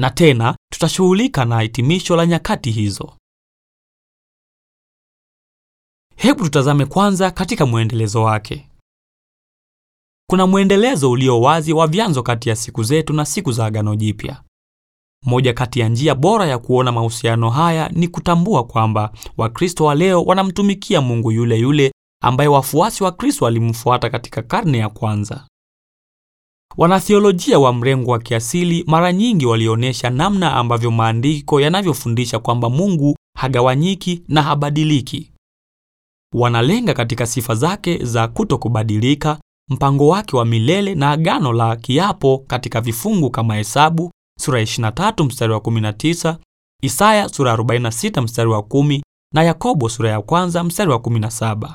Na tena tutashughulika na hitimisho la nyakati hizo. Hebu tutazame kwanza katika mwendelezo wake. Kuna mwendelezo ulio wazi wa vyanzo kati ya siku zetu na siku za Agano Jipya. Moja kati ya njia bora ya kuona mahusiano haya ni kutambua kwamba Wakristo wa leo wanamtumikia Mungu yule yule ambaye wafuasi wa Kristo walimfuata katika karne ya kwanza. Wanatheolojia wa mrengo wa kiasili mara nyingi walionyesha namna ambavyo maandiko yanavyofundisha kwamba Mungu hagawanyiki na habadiliki. Wanalenga katika sifa zake za kutokubadilika, mpango wake wa milele na agano la kiapo katika vifungu kama Hesabu, sura 23 mstari wa 19, Isaya sura 46 mstari wa 10 na Yakobo sura ya kwanza mstari wa 17.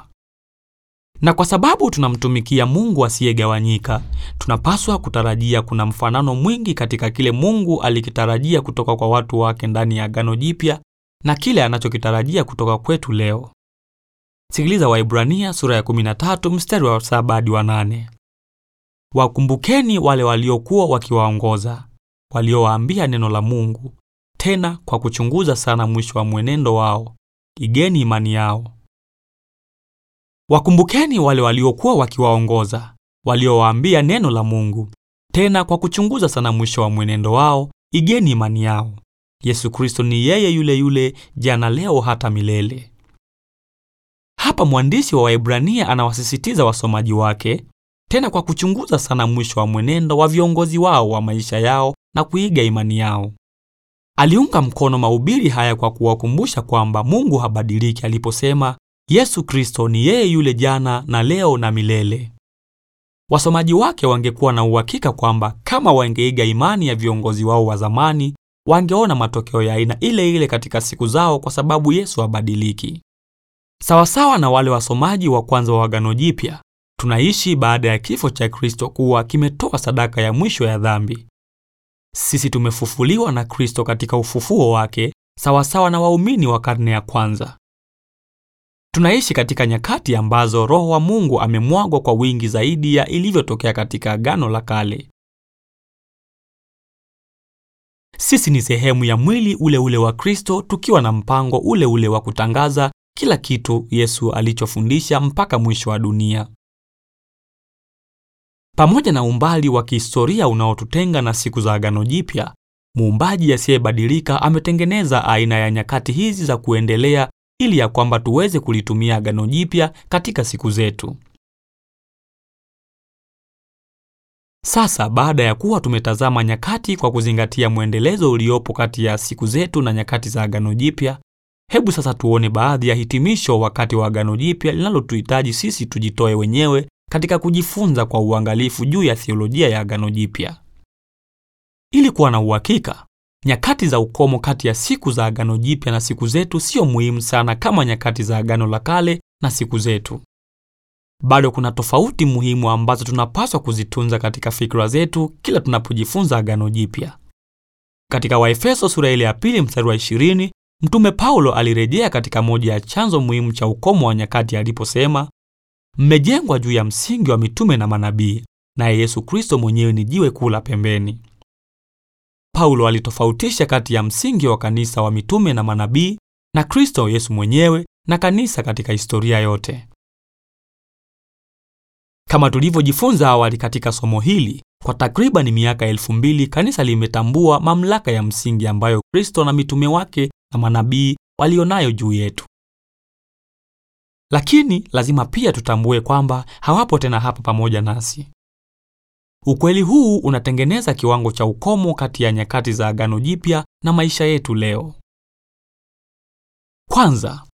Na kwa sababu tunamtumikia Mungu asiyegawanyika, tunapaswa kutarajia kuna mfanano mwingi katika kile Mungu alikitarajia kutoka kwa watu wake ndani ya Agano Jipya na kile anachokitarajia kutoka kwetu leo. Sikiliza Waibrania sura ya 13 mstari wa 7 hadi wa 8. Wakumbukeni wale waliokuwa wakiwaongoza waliowaambia neno la Mungu, tena kwa kuchunguza sana mwisho wa mwenendo wao, igeni imani yao. Wakumbukeni wale waliokuwa wakiwaongoza, waliowaambia neno la Mungu, tena kwa kuchunguza sana mwisho wa mwenendo wao, igeni imani yao. Yesu Kristo ni yeye yule yule jana, leo, hata milele. Hapa mwandishi wa Waebrania anawasisitiza wasomaji wake, tena kwa kuchunguza sana mwisho wa mwenendo wa viongozi wao wa maisha yao na kuiga imani yao. Aliunga mkono mahubiri haya kwa kuwakumbusha kwamba Mungu habadiliki aliposema Yesu Kristo ni yeye yule jana na leo na milele. Wasomaji wake wangekuwa na uhakika kwamba kama wangeiga imani ya viongozi wao wa zamani, wangeona matokeo ya aina ile ile katika siku zao kwa sababu Yesu habadiliki. Sawasawa na wale wasomaji wa kwanza wa Agano Jipya, tunaishi baada ya kifo cha Kristo kuwa kimetoa sadaka ya mwisho ya dhambi sisi tumefufuliwa na Kristo katika ufufuo wake sawasawa na waumini wa karne ya kwanza. Tunaishi katika nyakati ambazo Roho wa Mungu amemwagwa kwa wingi zaidi ya ilivyotokea katika Agano la Kale. Sisi ni sehemu ya mwili ule ule wa Kristo tukiwa na mpango ule ule wa kutangaza kila kitu Yesu alichofundisha mpaka mwisho wa dunia. Pamoja na umbali wa kihistoria unaotutenga na siku za Agano Jipya, muumbaji asiyebadilika ametengeneza aina ya nyakati hizi za kuendelea ili ya kwamba tuweze kulitumia Agano Jipya katika siku zetu. Sasa baada ya kuwa tumetazama nyakati kwa kuzingatia mwendelezo uliopo kati ya siku zetu na nyakati za Agano Jipya, hebu sasa tuone baadhi ya hitimisho wakati wa Agano Jipya linalotuhitaji sisi tujitoe wenyewe katika kujifunza kwa uangalifu juu ya theolojia ya Agano Jipya. Ili kuwa na uhakika, nyakati za ukomo kati ya siku za Agano Jipya na siku zetu sio muhimu sana kama nyakati za Agano la Kale na siku zetu. Bado kuna tofauti muhimu ambazo tunapaswa kuzitunza katika fikra zetu kila tunapojifunza Agano Jipya. Katika Waefeso sura ile ya pili mstari wa 20, Mtume Paulo alirejea katika moja ya chanzo muhimu cha ukomo wa nyakati aliposema, mmejengwa juu ya msingi wa mitume na manabii, naye Yesu Kristo mwenyewe ni jiwe kuu la pembeni. Paulo alitofautisha kati ya msingi wa kanisa wa mitume na manabii na Kristo Yesu mwenyewe na kanisa katika historia yote. Kama tulivyojifunza awali katika somo hili, kwa takriban miaka elfu mbili kanisa limetambua mamlaka ya msingi ambayo Kristo na mitume wake na manabii walionayo juu yetu lakini lazima pia tutambue kwamba hawapo tena hapa pamoja nasi. Ukweli huu unatengeneza kiwango cha ukomo kati ya nyakati za Agano Jipya na maisha yetu leo. Kwanza,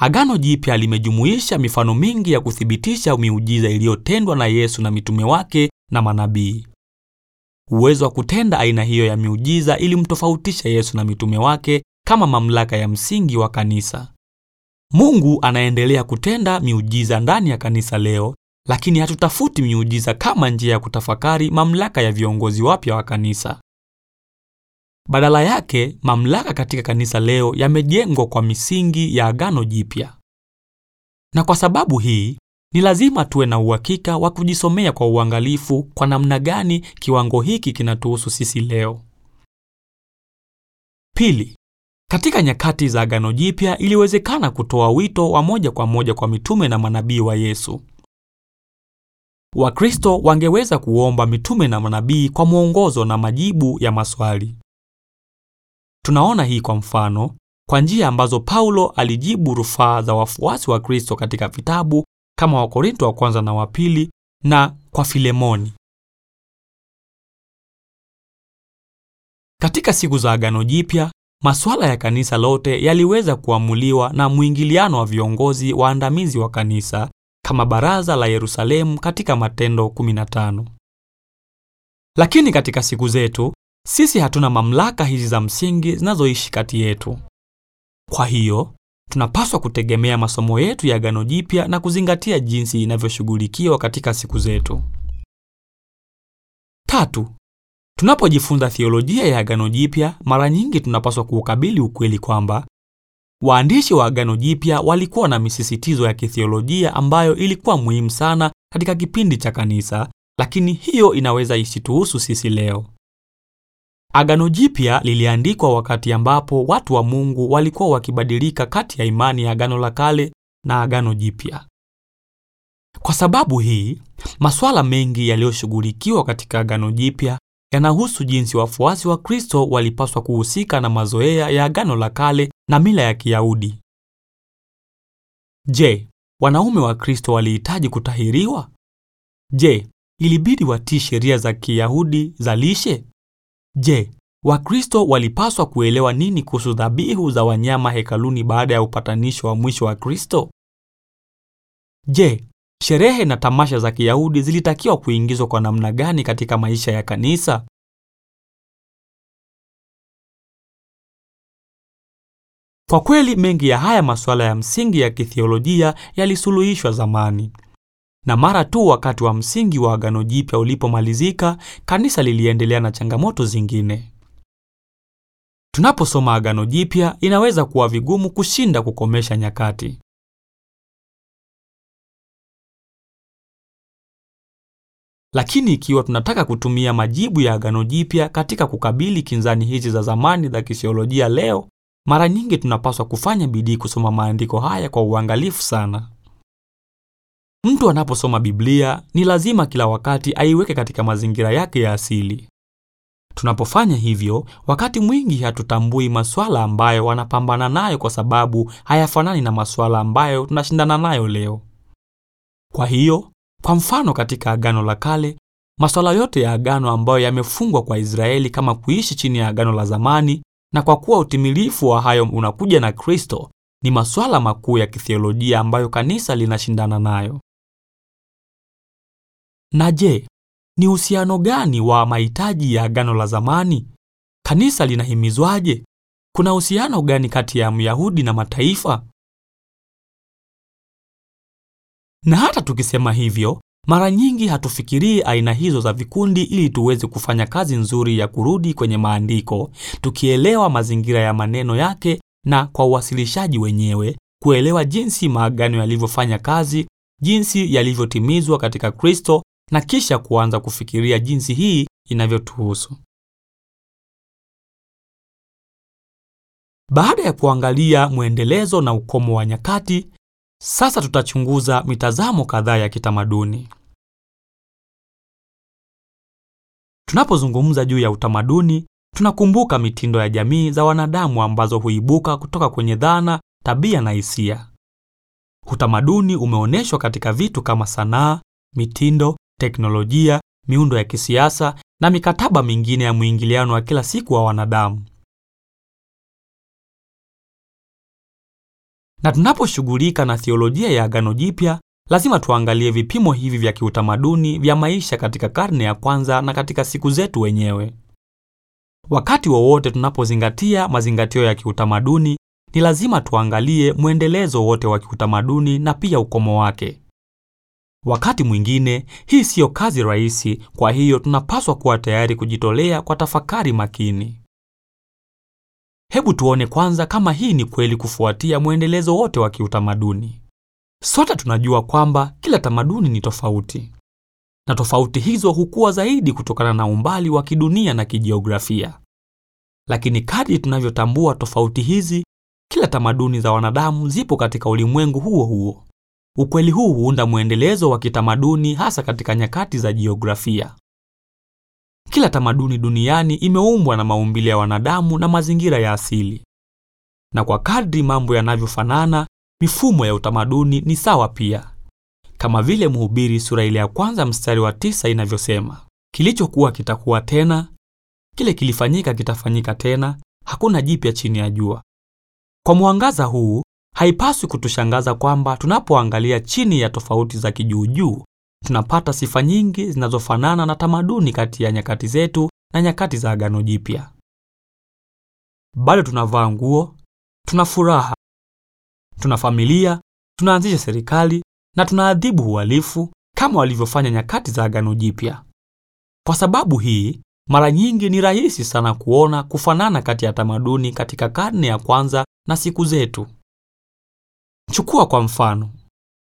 Agano Jipya limejumuisha mifano mingi ya kuthibitisha miujiza iliyotendwa na Yesu na mitume wake na manabii. Uwezo wa kutenda aina hiyo ya miujiza ilimtofautisha Yesu na mitume wake kama mamlaka ya msingi wa kanisa. Mungu anaendelea kutenda miujiza ndani ya kanisa leo, lakini hatutafuti miujiza kama njia ya kutafakari mamlaka ya viongozi wapya wa kanisa. Badala yake, mamlaka katika kanisa leo yamejengwa kwa misingi ya Agano Jipya. Na kwa sababu hii, ni lazima tuwe na uhakika wa kujisomea kwa uangalifu kwa namna gani kiwango hiki kinatuhusu sisi leo. Pili, katika nyakati za Agano Jipya iliwezekana kutoa wito wa moja kwa moja kwa mitume na manabii wa Yesu. Wakristo wangeweza kuomba mitume na manabii kwa mwongozo na majibu ya maswali. Tunaona hii kwa mfano kwa njia ambazo Paulo alijibu rufaa za wafuasi wa Kristo katika vitabu kama Wakorinto wa kwanza na wa pili na kwa Filemoni. Katika siku za Agano Jipya Masuala ya kanisa lote yaliweza kuamuliwa na mwingiliano wa viongozi waandamizi wa kanisa kama Baraza la Yerusalemu katika Matendo 15. Lakini katika siku zetu sisi hatuna mamlaka hizi za msingi zinazoishi kati yetu. Kwa hiyo tunapaswa kutegemea masomo yetu ya Agano Jipya na kuzingatia jinsi inavyoshughulikiwa katika siku zetu. Tatu, Tunapojifunza theolojia ya Agano Jipya, mara nyingi tunapaswa kuukabili ukweli kwamba waandishi wa Agano Jipya walikuwa na misisitizo ya kithiolojia ambayo ilikuwa muhimu sana katika kipindi cha kanisa, lakini hiyo inaweza isituhusu sisi leo. Agano Jipya liliandikwa wakati ambapo watu wa Mungu walikuwa wakibadilika kati ya imani ya Agano la Kale na Agano Jipya. Kwa sababu hii, masuala mengi yaliyoshughulikiwa katika Agano Jipya yanahusu jinsi wafuasi wa Kristo walipaswa kuhusika na mazoea ya Agano la Kale na mila ya Kiyahudi. Je, wanaume wa Kristo walihitaji kutahiriwa? Je, ilibidi watii sheria za Kiyahudi za lishe? Je, Wakristo walipaswa kuelewa nini kuhusu dhabihu za wanyama hekaluni baada ya upatanisho wa mwisho wa Kristo? Je, Sherehe na tamasha za Kiyahudi zilitakiwa kuingizwa kwa namna gani katika maisha ya kanisa? Kwa kweli mengi ya haya masuala ya msingi ya kithiolojia yalisuluhishwa zamani. Na mara tu wakati wa msingi wa Agano Jipya ulipomalizika, kanisa liliendelea na changamoto zingine. Tunaposoma Agano Jipya, inaweza kuwa vigumu kushinda kukomesha nyakati. Lakini ikiwa tunataka kutumia majibu ya Agano Jipya katika kukabili kinzani hizi za zamani za kisiolojia leo, mara nyingi tunapaswa kufanya bidii kusoma maandiko haya kwa uangalifu sana. Mtu anaposoma Biblia ni lazima kila wakati aiweke katika mazingira yake ya asili. Tunapofanya hivyo, wakati mwingi hatutambui masuala ambayo wanapambana nayo kwa sababu hayafanani na masuala ambayo tunashindana nayo leo. Kwa hiyo, kwa mfano, katika Agano la Kale, masuala yote ya agano ambayo yamefungwa kwa Israeli kama kuishi chini ya agano la zamani, na kwa kuwa utimilifu wa hayo unakuja na Kristo, ni masuala makuu ya kithiolojia ambayo kanisa linashindana nayo. Na je, ni uhusiano gani wa mahitaji ya agano la zamani? Kanisa linahimizwaje? Kuna uhusiano gani kati ya Myahudi na mataifa? Na hata tukisema hivyo, mara nyingi hatufikirii aina hizo za vikundi ili tuweze kufanya kazi nzuri ya kurudi kwenye maandiko, tukielewa mazingira ya maneno yake na kwa uwasilishaji wenyewe, kuelewa jinsi maagano yalivyofanya kazi, jinsi yalivyotimizwa katika Kristo na kisha kuanza kufikiria jinsi hii inavyotuhusu. Baada ya kuangalia mwendelezo na ukomo wa nyakati, sasa tutachunguza mitazamo kadhaa ya kitamaduni. Tunapozungumza juu ya utamaduni, tunakumbuka mitindo ya jamii za wanadamu ambazo huibuka kutoka kwenye dhana, tabia na hisia. Utamaduni umeonyeshwa katika vitu kama sanaa, mitindo, teknolojia, miundo ya kisiasa na mikataba mingine ya mwingiliano wa kila siku wa wanadamu. Na tunaposhughulika na theolojia ya Agano Jipya, lazima tuangalie vipimo hivi vya kiutamaduni vya maisha katika karne ya kwanza na katika siku zetu wenyewe. Wakati wowote tunapozingatia mazingatio ya kiutamaduni, ni lazima tuangalie mwendelezo wote wa kiutamaduni na pia ukomo wake. Wakati mwingine hii siyo kazi rahisi, kwa hiyo tunapaswa kuwa tayari kujitolea kwa tafakari makini. Hebu tuone kwanza kama hii ni kweli kufuatia mwendelezo wote wa kiutamaduni. Sote tunajua kwamba kila tamaduni ni tofauti. Na tofauti hizo hukua zaidi kutokana na umbali wa kidunia na kijiografia. Lakini kadri tunavyotambua tofauti hizi, kila tamaduni za wanadamu zipo katika ulimwengu huo huo. Ukweli huu huunda mwendelezo wa kitamaduni hasa katika nyakati za jiografia. Kila tamaduni duniani imeumbwa na maumbile ya wanadamu na mazingira ya asili, na kwa kadri mambo yanavyofanana, mifumo ya utamaduni ni sawa pia, kama vile Mhubiri sura ile ya kwanza mstari wa tisa inavyosema, kilichokuwa kitakuwa tena, kile kilifanyika kitafanyika tena, hakuna jipya chini ya jua. Kwa mwangaza huu, haipaswi kutushangaza kwamba tunapoangalia chini ya tofauti za kijuujuu tunapata sifa nyingi zinazofanana na tamaduni kati ya nyakati zetu na nyakati za Agano Jipya. Bado tunavaa nguo, tuna furaha, tuna familia, tunaanzisha serikali na tunaadhibu uhalifu kama walivyofanya nyakati za Agano Jipya. Kwa sababu hii, mara nyingi ni rahisi sana kuona kufanana kati ya tamaduni katika karne ya kwanza na siku zetu. Chukua kwa mfano,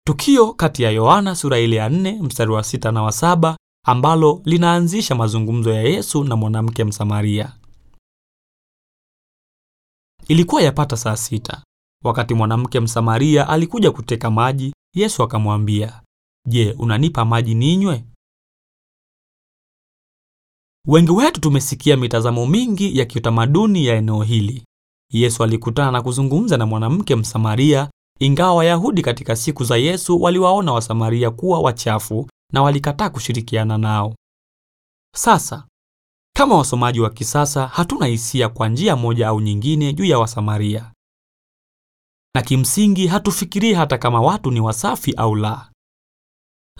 Tukio kati ya Yohana sura ile ya 4 mstari wa sita na wa saba ambalo linaanzisha mazungumzo ya Yesu na mwanamke Msamaria. Ilikuwa yapata saa sita wakati mwanamke Msamaria alikuja kuteka maji. Yesu akamwambia, "Je, unanipa maji ninywe?" Wengi wetu tumesikia mitazamo mingi ya kiutamaduni ya eneo hili. Yesu alikutana na kuzungumza na mwanamke Msamaria ingawa Wayahudi katika siku za Yesu waliwaona Wasamaria kuwa wachafu na walikataa kushirikiana nao. Sasa, kama wasomaji wa kisasa, hatuna hisia kwa njia moja au nyingine juu ya Wasamaria. Na kimsingi hatufikirii hata kama watu ni wasafi au la.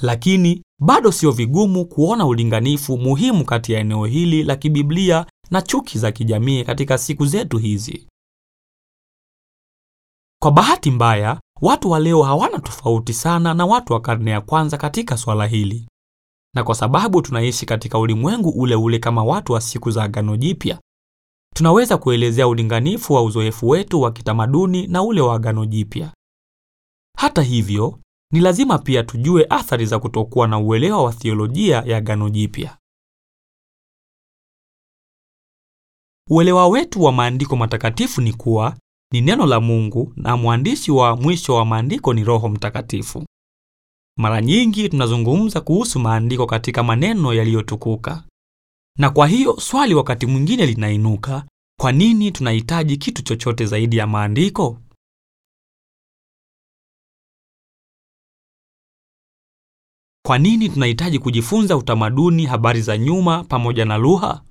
Lakini bado sio vigumu kuona ulinganifu muhimu kati ya eneo hili la kibiblia na chuki za kijamii katika siku zetu hizi. Kwa bahati mbaya, watu wa leo hawana tofauti sana na watu wa karne ya kwanza katika swala hili, na kwa sababu tunaishi katika ulimwengu ule ule kama watu wa siku za Agano Jipya, tunaweza kuelezea ulinganifu wa uzoefu wetu wa kitamaduni na ule wa Agano Jipya. Hata hivyo, ni lazima pia tujue athari za kutokuwa na uelewa wa theolojia ya Agano Jipya. Uelewa wetu wa maandiko matakatifu ni kuwa ni neno la Mungu na mwandishi wa mwisho wa maandiko ni Roho Mtakatifu. Mara nyingi tunazungumza kuhusu maandiko katika maneno yaliyotukuka, na kwa hiyo swali wakati mwingine linainuka, kwa nini tunahitaji kitu chochote zaidi ya maandiko? Kwa nini tunahitaji kujifunza utamaduni, habari za nyuma pamoja na lugha?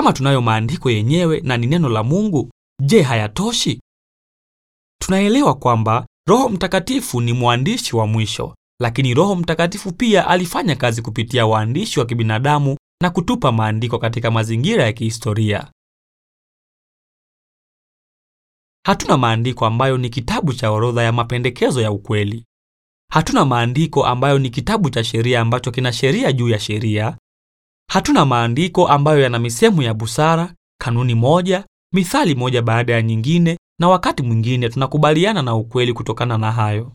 Kama tunayo maandiko yenyewe na ni neno la Mungu, je, hayatoshi? Tunaelewa kwamba Roho Mtakatifu ni mwandishi wa mwisho, lakini Roho Mtakatifu pia alifanya kazi kupitia waandishi wa kibinadamu na kutupa maandiko katika mazingira ya kihistoria. Hatuna maandiko ambayo ni kitabu cha orodha ya mapendekezo ya ukweli. Hatuna maandiko ambayo ni kitabu cha sheria ambacho kina sheria juu ya sheria Hatuna maandiko ambayo yana misemo ya busara, kanuni moja, mithali moja baada ya nyingine, na wakati mwingine tunakubaliana na ukweli kutokana na hayo,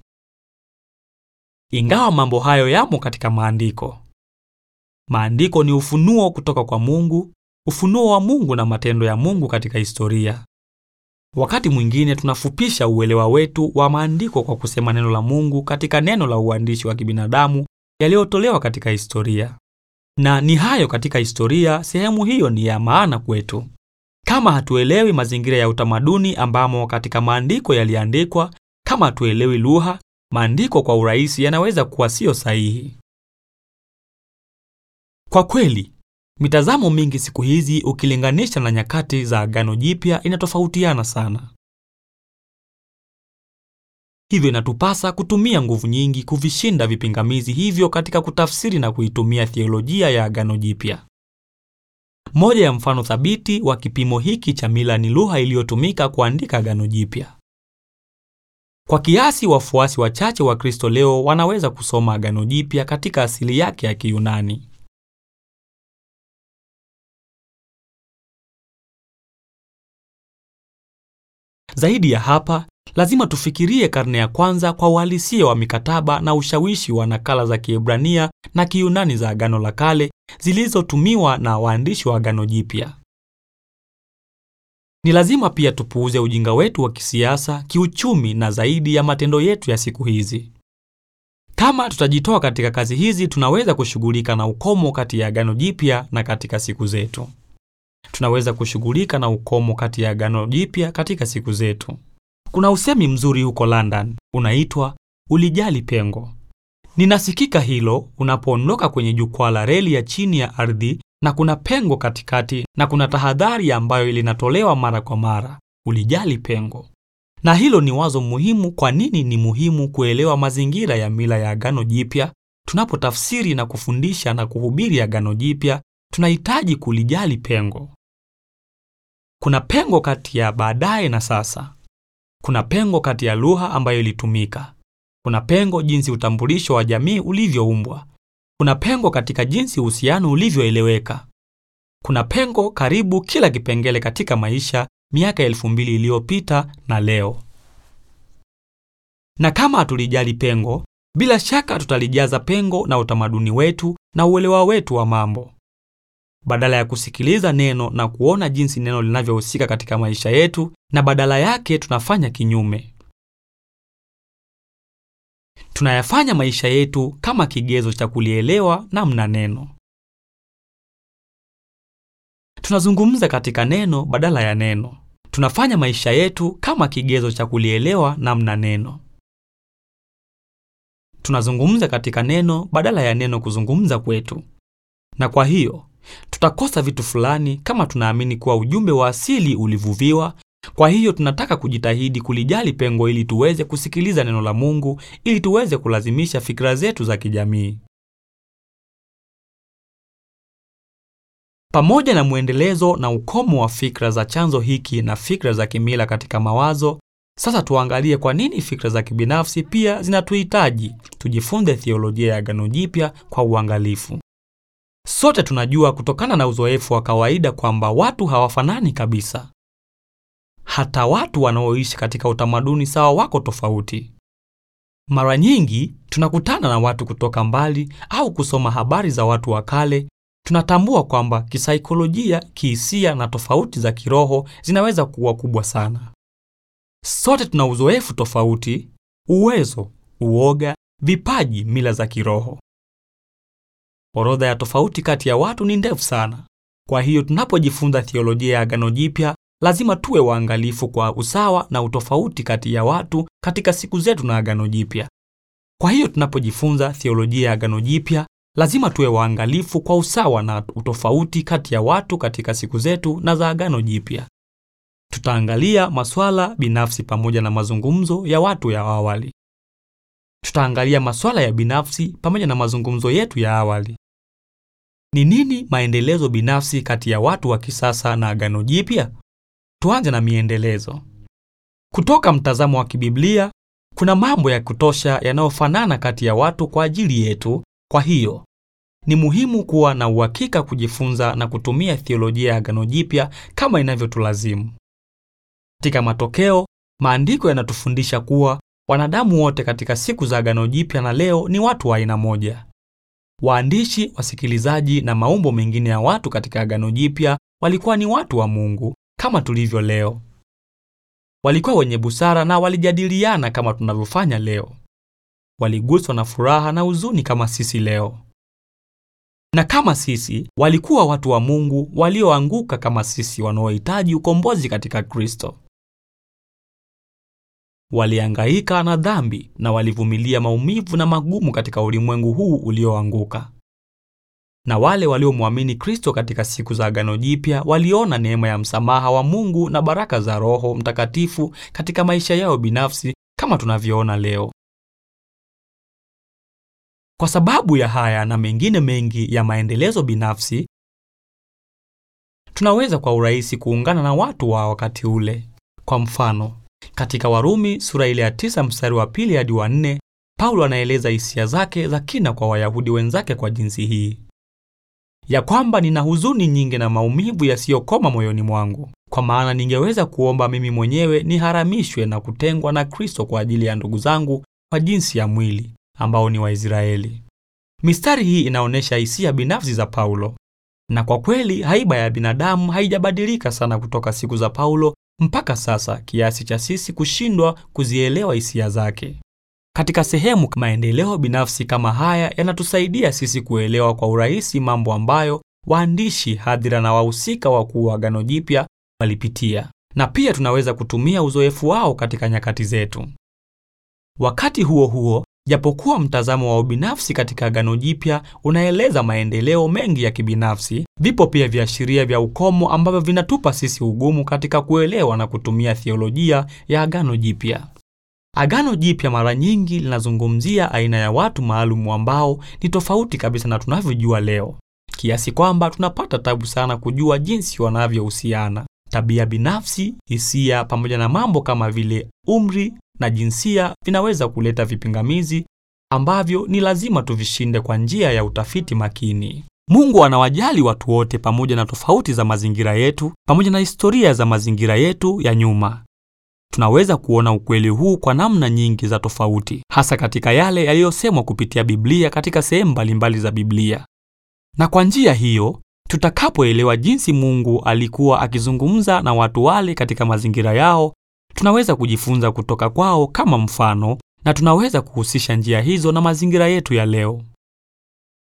ingawa mambo hayo yamo katika maandiko. Maandiko ni ufunuo kutoka kwa Mungu, ufunuo wa Mungu na matendo ya Mungu katika historia. Wakati mwingine tunafupisha uelewa wetu wa maandiko kwa kusema neno la Mungu katika neno la uandishi wa kibinadamu yaliyotolewa katika historia. Na ni hayo katika historia, sehemu hiyo ni ya maana kwetu. Kama hatuelewi mazingira ya utamaduni ambamo katika maandiko yaliandikwa, kama hatuelewi lugha, maandiko kwa urahisi yanaweza kuwa siyo sahihi. Kwa kweli, mitazamo mingi siku hizi ukilinganisha na nyakati za Agano Jipya inatofautiana sana hivyo inatupasa kutumia nguvu nyingi kuvishinda vipingamizi hivyo katika kutafsiri na kuitumia theolojia ya Agano Jipya. Moja ya mfano thabiti wa kipimo hiki cha mila ni lugha iliyotumika kuandika Agano Jipya. Kwa kiasi wafuasi wachache wa Kristo leo wanaweza kusoma Agano Jipya katika asili yake ya Kiyunani. Zaidi ya hapa, Lazima tufikirie karne ya kwanza kwa uhalisia wa mikataba na ushawishi wa nakala za Kiebrania na Kiyunani za Agano la Kale zilizotumiwa na waandishi wa Agano Jipya. Ni lazima pia tupuuze ujinga wetu wa kisiasa, kiuchumi na zaidi ya matendo yetu ya siku hizi. Kama tutajitoa katika kazi hizi, tunaweza kushughulika na ukomo kati ya Agano Jipya na katika siku zetu. Tunaweza kushughulika na ukomo kati ya Agano Jipya katika siku zetu. Kuna usemi mzuri huko London unaitwa ulijali pengo. Ninasikika hilo unapoondoka kwenye jukwaa la reli ya chini ya ardhi na kuna pengo katikati na kuna tahadhari ambayo linatolewa mara kwa mara, ulijali pengo. Na hilo ni wazo muhimu. Kwa nini ni muhimu kuelewa mazingira ya mila ya Agano Jipya? Tunapotafsiri na kufundisha na kuhubiri Agano Jipya, tunahitaji kulijali pengo. Kuna pengo kati ya baadaye na sasa. Kuna pengo kati ya lugha ambayo ilitumika. Kuna pengo jinsi utambulisho wa jamii ulivyoumbwa. Kuna pengo katika jinsi uhusiano ulivyoeleweka. Kuna pengo karibu kila kipengele katika maisha miaka elfu mbili iliyopita na leo. Na kama hatulijali pengo, bila shaka tutalijaza pengo na utamaduni wetu na uelewa wetu wa mambo badala ya kusikiliza neno na kuona jinsi neno linavyohusika katika maisha yetu, na badala yake tunafanya kinyume. Tunayafanya maisha yetu kama kigezo cha kulielewa namna neno. Tunazungumza katika neno badala ya neno. Tunafanya maisha yetu kama kigezo cha kulielewa namna neno. Tunazungumza katika neno badala ya neno kuzungumza kwetu. Na kwa hiyo tutakosa vitu fulani kama tunaamini kuwa ujumbe wa asili ulivuviwa. Kwa hiyo tunataka kujitahidi kulijali pengo ili tuweze kusikiliza neno la Mungu ili tuweze kulazimisha fikra zetu za kijamii. Pamoja na mwendelezo na ukomo wa fikra za chanzo hiki na fikra za kimila katika mawazo, sasa tuangalie kwa nini fikra za kibinafsi pia zinatuhitaji tujifunze theolojia ya gano Jipya kwa uangalifu. Sote tunajua kutokana na uzoefu wa kawaida kwamba watu hawafanani kabisa. Hata watu wanaoishi katika utamaduni sawa wako tofauti. Mara nyingi tunakutana na watu kutoka mbali au kusoma habari za watu wa kale, tunatambua kwamba kisaikolojia, kihisia na tofauti za kiroho zinaweza kuwa kubwa sana. Sote tuna uzoefu tofauti, uwezo, uoga, vipaji, mila za kiroho. Orodha ya tofauti kati ya watu ni ndefu sana. Kwa hiyo tunapojifunza theolojia ya Agano Jipya, lazima tuwe waangalifu kwa usawa na utofauti kati ya watu katika siku zetu na Agano Jipya. Kwa hiyo tunapojifunza theolojia ya Agano Jipya, lazima tuwe waangalifu kwa usawa na utofauti kati ya watu katika siku zetu na za Agano Jipya. Tutaangalia masuala binafsi pamoja na mazungumzo ya watu ya awali. Tutaangalia masuala ya binafsi pamoja na mazungumzo yetu ya awali. Ni nini maendelezo binafsi kati ya watu wa kisasa na Agano Jipya? Tuanze na miendelezo. Kutoka mtazamo wa kibiblia, kuna mambo ya kutosha yanayofanana kati ya watu kwa ajili yetu. Kwa hiyo, ni muhimu kuwa na uhakika kujifunza na kutumia theolojia ya Agano Jipya kama inavyotulazimu. Katika matokeo, maandiko yanatufundisha kuwa wanadamu wote katika siku za Agano Jipya na leo ni watu wa aina moja. Waandishi, wasikilizaji na maumbo mengine ya watu katika Agano Jipya walikuwa ni watu wa Mungu kama tulivyo leo. Walikuwa wenye busara na walijadiliana kama tunavyofanya leo. Waliguswa na furaha na huzuni kama sisi leo, na kama sisi walikuwa watu wa Mungu walioanguka kama sisi, wanaohitaji ukombozi katika Kristo waliangaika na dhambi na walivumilia maumivu na magumu katika ulimwengu huu ulioanguka. Na wale waliomwamini Kristo katika siku za Agano Jipya waliona neema ya msamaha wa Mungu na baraka za Roho Mtakatifu katika maisha yao binafsi kama tunavyoona leo. Kwa sababu ya haya na mengine mengi ya maendelezo binafsi, tunaweza kwa urahisi kuungana na watu wa wakati ule. Kwa mfano, katika Warumi sura ile ya tisa mstari wa pili hadi wa nne, Paulo anaeleza hisia zake za kina kwa Wayahudi wenzake kwa jinsi hii ya kwamba nina huzuni nyingi na maumivu yasiyokoma moyoni mwangu, kwa maana ningeweza kuomba mimi mwenyewe niharamishwe na kutengwa na Kristo kwa ajili ya ndugu zangu kwa jinsi ya mwili ambao ni Waisraeli. Mistari hii inaonyesha hisia binafsi za Paulo, na kwa kweli haiba ya binadamu haijabadilika sana kutoka siku za Paulo mpaka sasa kiasi cha sisi kushindwa kuzielewa hisia zake. Katika sehemu, maendeleo binafsi kama haya yanatusaidia sisi kuelewa kwa urahisi mambo ambayo waandishi, hadhira na wahusika wakuu wa Agano Jipya walipitia, na pia tunaweza kutumia uzoefu wao katika nyakati zetu. Wakati huo huo, Japokuwa mtazamo wa ubinafsi katika Agano Jipya unaeleza maendeleo mengi ya kibinafsi, vipo pia viashiria vya ukomo ambavyo vinatupa sisi ugumu katika kuelewa na kutumia theolojia ya Agano Jipya. Agano Jipya mara nyingi linazungumzia aina ya watu maalumu ambao ni tofauti kabisa na tunavyojua leo, kiasi kwamba tunapata tabu sana kujua jinsi wanavyohusiana. Tabia binafsi, hisia, pamoja na mambo kama vile umri, na jinsia vinaweza kuleta vipingamizi ambavyo ni lazima tuvishinde kwa njia ya utafiti makini. Mungu anawajali watu wote pamoja na tofauti za mazingira yetu, pamoja na historia za mazingira yetu ya nyuma. Tunaweza kuona ukweli huu kwa namna nyingi za tofauti, hasa katika yale yaliyosemwa kupitia Biblia katika sehemu mbalimbali za Biblia. Na kwa njia hiyo, tutakapoelewa jinsi Mungu alikuwa akizungumza na watu wale katika mazingira yao tunaweza kujifunza kutoka kwao kama mfano na tunaweza kuhusisha njia hizo na mazingira yetu ya leo.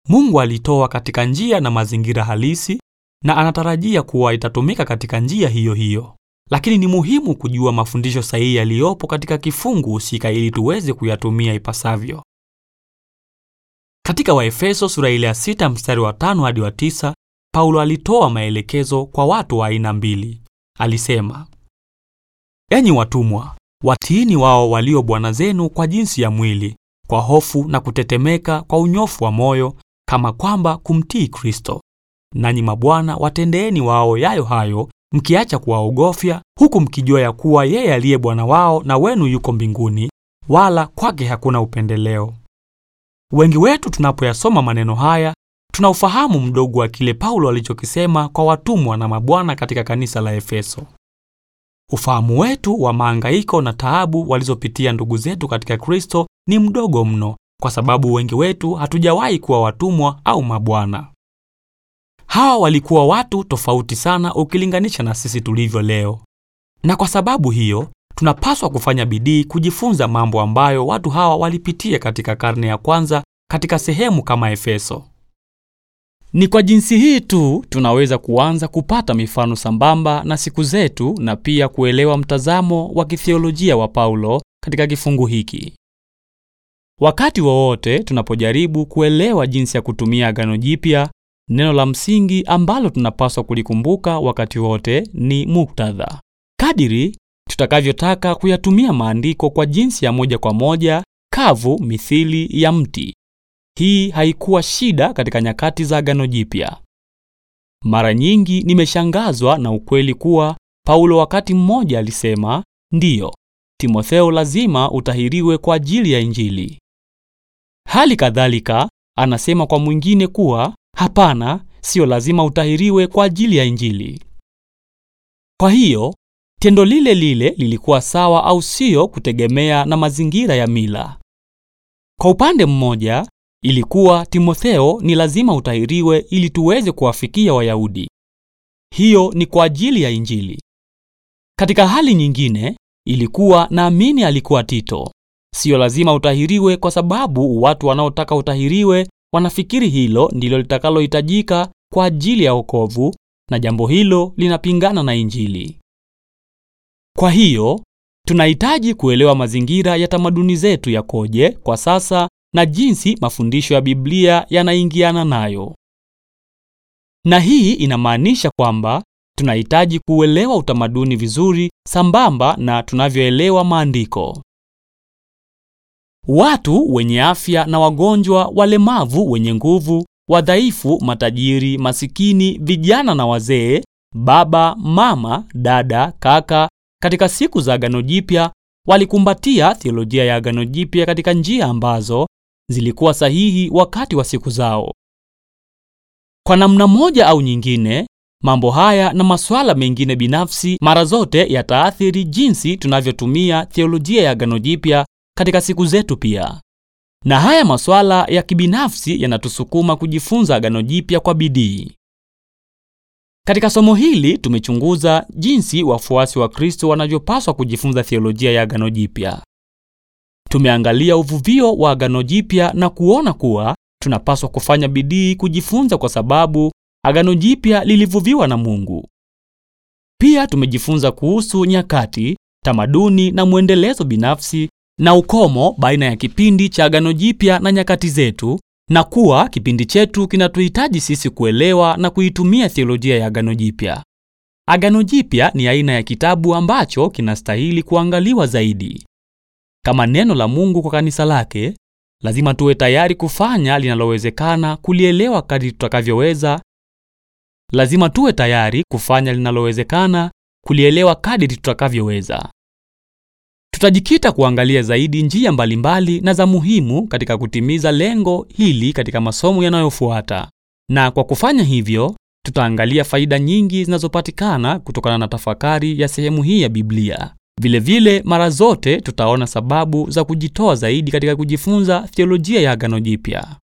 Mungu alitoa katika njia na mazingira halisi na anatarajia kuwa itatumika katika njia hiyo hiyo. Lakini ni muhimu kujua mafundisho sahihi yaliyopo katika kifungu husika ili tuweze kuyatumia ipasavyo. Katika Waefeso sura ile ya sita mstari wa tano hadi wa tisa, Paulo alitoa maelekezo kwa watu wa aina mbili. Alisema, Enyi watumwa, watiini wao walio bwana zenu kwa jinsi ya mwili, kwa hofu na kutetemeka, kwa unyofu wa moyo, kama kwamba kumtii Kristo. Nanyi mabwana, watendeeni wao yayo hayo, mkiacha kuwaogofya, huku mkijua ya kuwa yeye aliye bwana wao na wenu yuko mbinguni, wala kwake hakuna upendeleo. Wengi wetu tunapoyasoma maneno haya tuna ufahamu mdogo wa kile Paulo alichokisema kwa watumwa na mabwana katika kanisa la Efeso. Ufahamu wetu wa maangaiko na taabu walizopitia ndugu zetu katika Kristo ni mdogo mno, kwa sababu wengi wetu hatujawahi kuwa watumwa au mabwana. Hawa walikuwa watu tofauti sana ukilinganisha na sisi tulivyo leo, na kwa sababu hiyo tunapaswa kufanya bidii kujifunza mambo ambayo watu hawa walipitia katika karne ya kwanza katika sehemu kama Efeso. Ni kwa jinsi hii tu tunaweza kuanza kupata mifano sambamba na siku zetu na pia kuelewa mtazamo wa kithiolojia wa Paulo katika kifungu hiki. Wakati wowote tunapojaribu kuelewa jinsi ya kutumia Agano Jipya, neno la msingi ambalo tunapaswa kulikumbuka wakati wote ni muktadha. Kadiri tutakavyotaka kuyatumia maandiko kwa jinsi ya moja kwa moja, kavu mithili ya mti, hii haikuwa shida katika nyakati za Agano Jipya. Mara nyingi nimeshangazwa na ukweli kuwa Paulo wakati mmoja alisema, ndiyo, Timotheo lazima utahiriwe kwa ajili ya Injili. Hali kadhalika anasema kwa mwingine kuwa hapana, sio lazima utahiriwe kwa ajili ya Injili. Kwa hiyo tendo lile lile lilikuwa sawa au sio kutegemea na mazingira ya mila. Kwa upande mmoja, Ilikuwa Timotheo ni lazima utahiriwe ili tuweze kuwafikia Wayahudi. Hiyo ni kwa ajili ya Injili. Katika hali nyingine, ilikuwa naamini alikuwa Tito. Siyo lazima utahiriwe kwa sababu watu wanaotaka utahiriwe wanafikiri hilo ndilo litakalohitajika kwa ajili ya wokovu na jambo hilo linapingana na Injili. Kwa hiyo tunahitaji kuelewa mazingira ya tamaduni zetu yakoje kwa sasa na jinsi mafundisho ya Biblia yanaingiana nayo. Na hii inamaanisha kwamba tunahitaji kuelewa utamaduni vizuri sambamba na tunavyoelewa maandiko. Watu wenye afya na wagonjwa, walemavu, wenye nguvu, wadhaifu, matajiri, masikini, vijana na wazee, baba, mama, dada, kaka, katika siku za Agano Jipya walikumbatia theolojia ya Agano Jipya katika njia ambazo zilikuwa sahihi wakati wa siku zao. Kwa namna moja au nyingine, mambo haya na masuala mengine binafsi mara zote yataathiri jinsi tunavyotumia theolojia ya Agano Jipya katika siku zetu pia. Na haya masuala ya kibinafsi yanatusukuma kujifunza Agano Jipya kwa bidii. Katika somo hili tumechunguza jinsi wafuasi wa Kristo wanavyopaswa kujifunza theolojia ya Agano Jipya. Tumeangalia uvuvio wa Agano Jipya na kuona kuwa tunapaswa kufanya bidii kujifunza kwa sababu Agano Jipya lilivuviwa na Mungu. Pia tumejifunza kuhusu nyakati, tamaduni na mwendelezo binafsi na ukomo baina ya kipindi cha Agano Jipya na nyakati zetu na kuwa kipindi chetu kinatuhitaji sisi kuelewa na kuitumia theolojia ya Agano Jipya. Agano Jipya ni aina ya kitabu ambacho kinastahili kuangaliwa zaidi. Kama neno la Mungu kwa kanisa lake, lazima tuwe tayari kufanya linalowezekana kulielewa kadri tutakavyoweza. Lazima tuwe tayari kufanya linalowezekana kulielewa kadri tutakavyoweza. Tutajikita kuangalia zaidi njia mbalimbali na za muhimu katika kutimiza lengo hili katika masomo yanayofuata. Na kwa kufanya hivyo, tutaangalia faida nyingi zinazopatikana kutokana na tafakari ya sehemu hii ya Biblia. Vilevile mara zote tutaona sababu za kujitoa zaidi katika kujifunza theolojia ya Agano Jipya.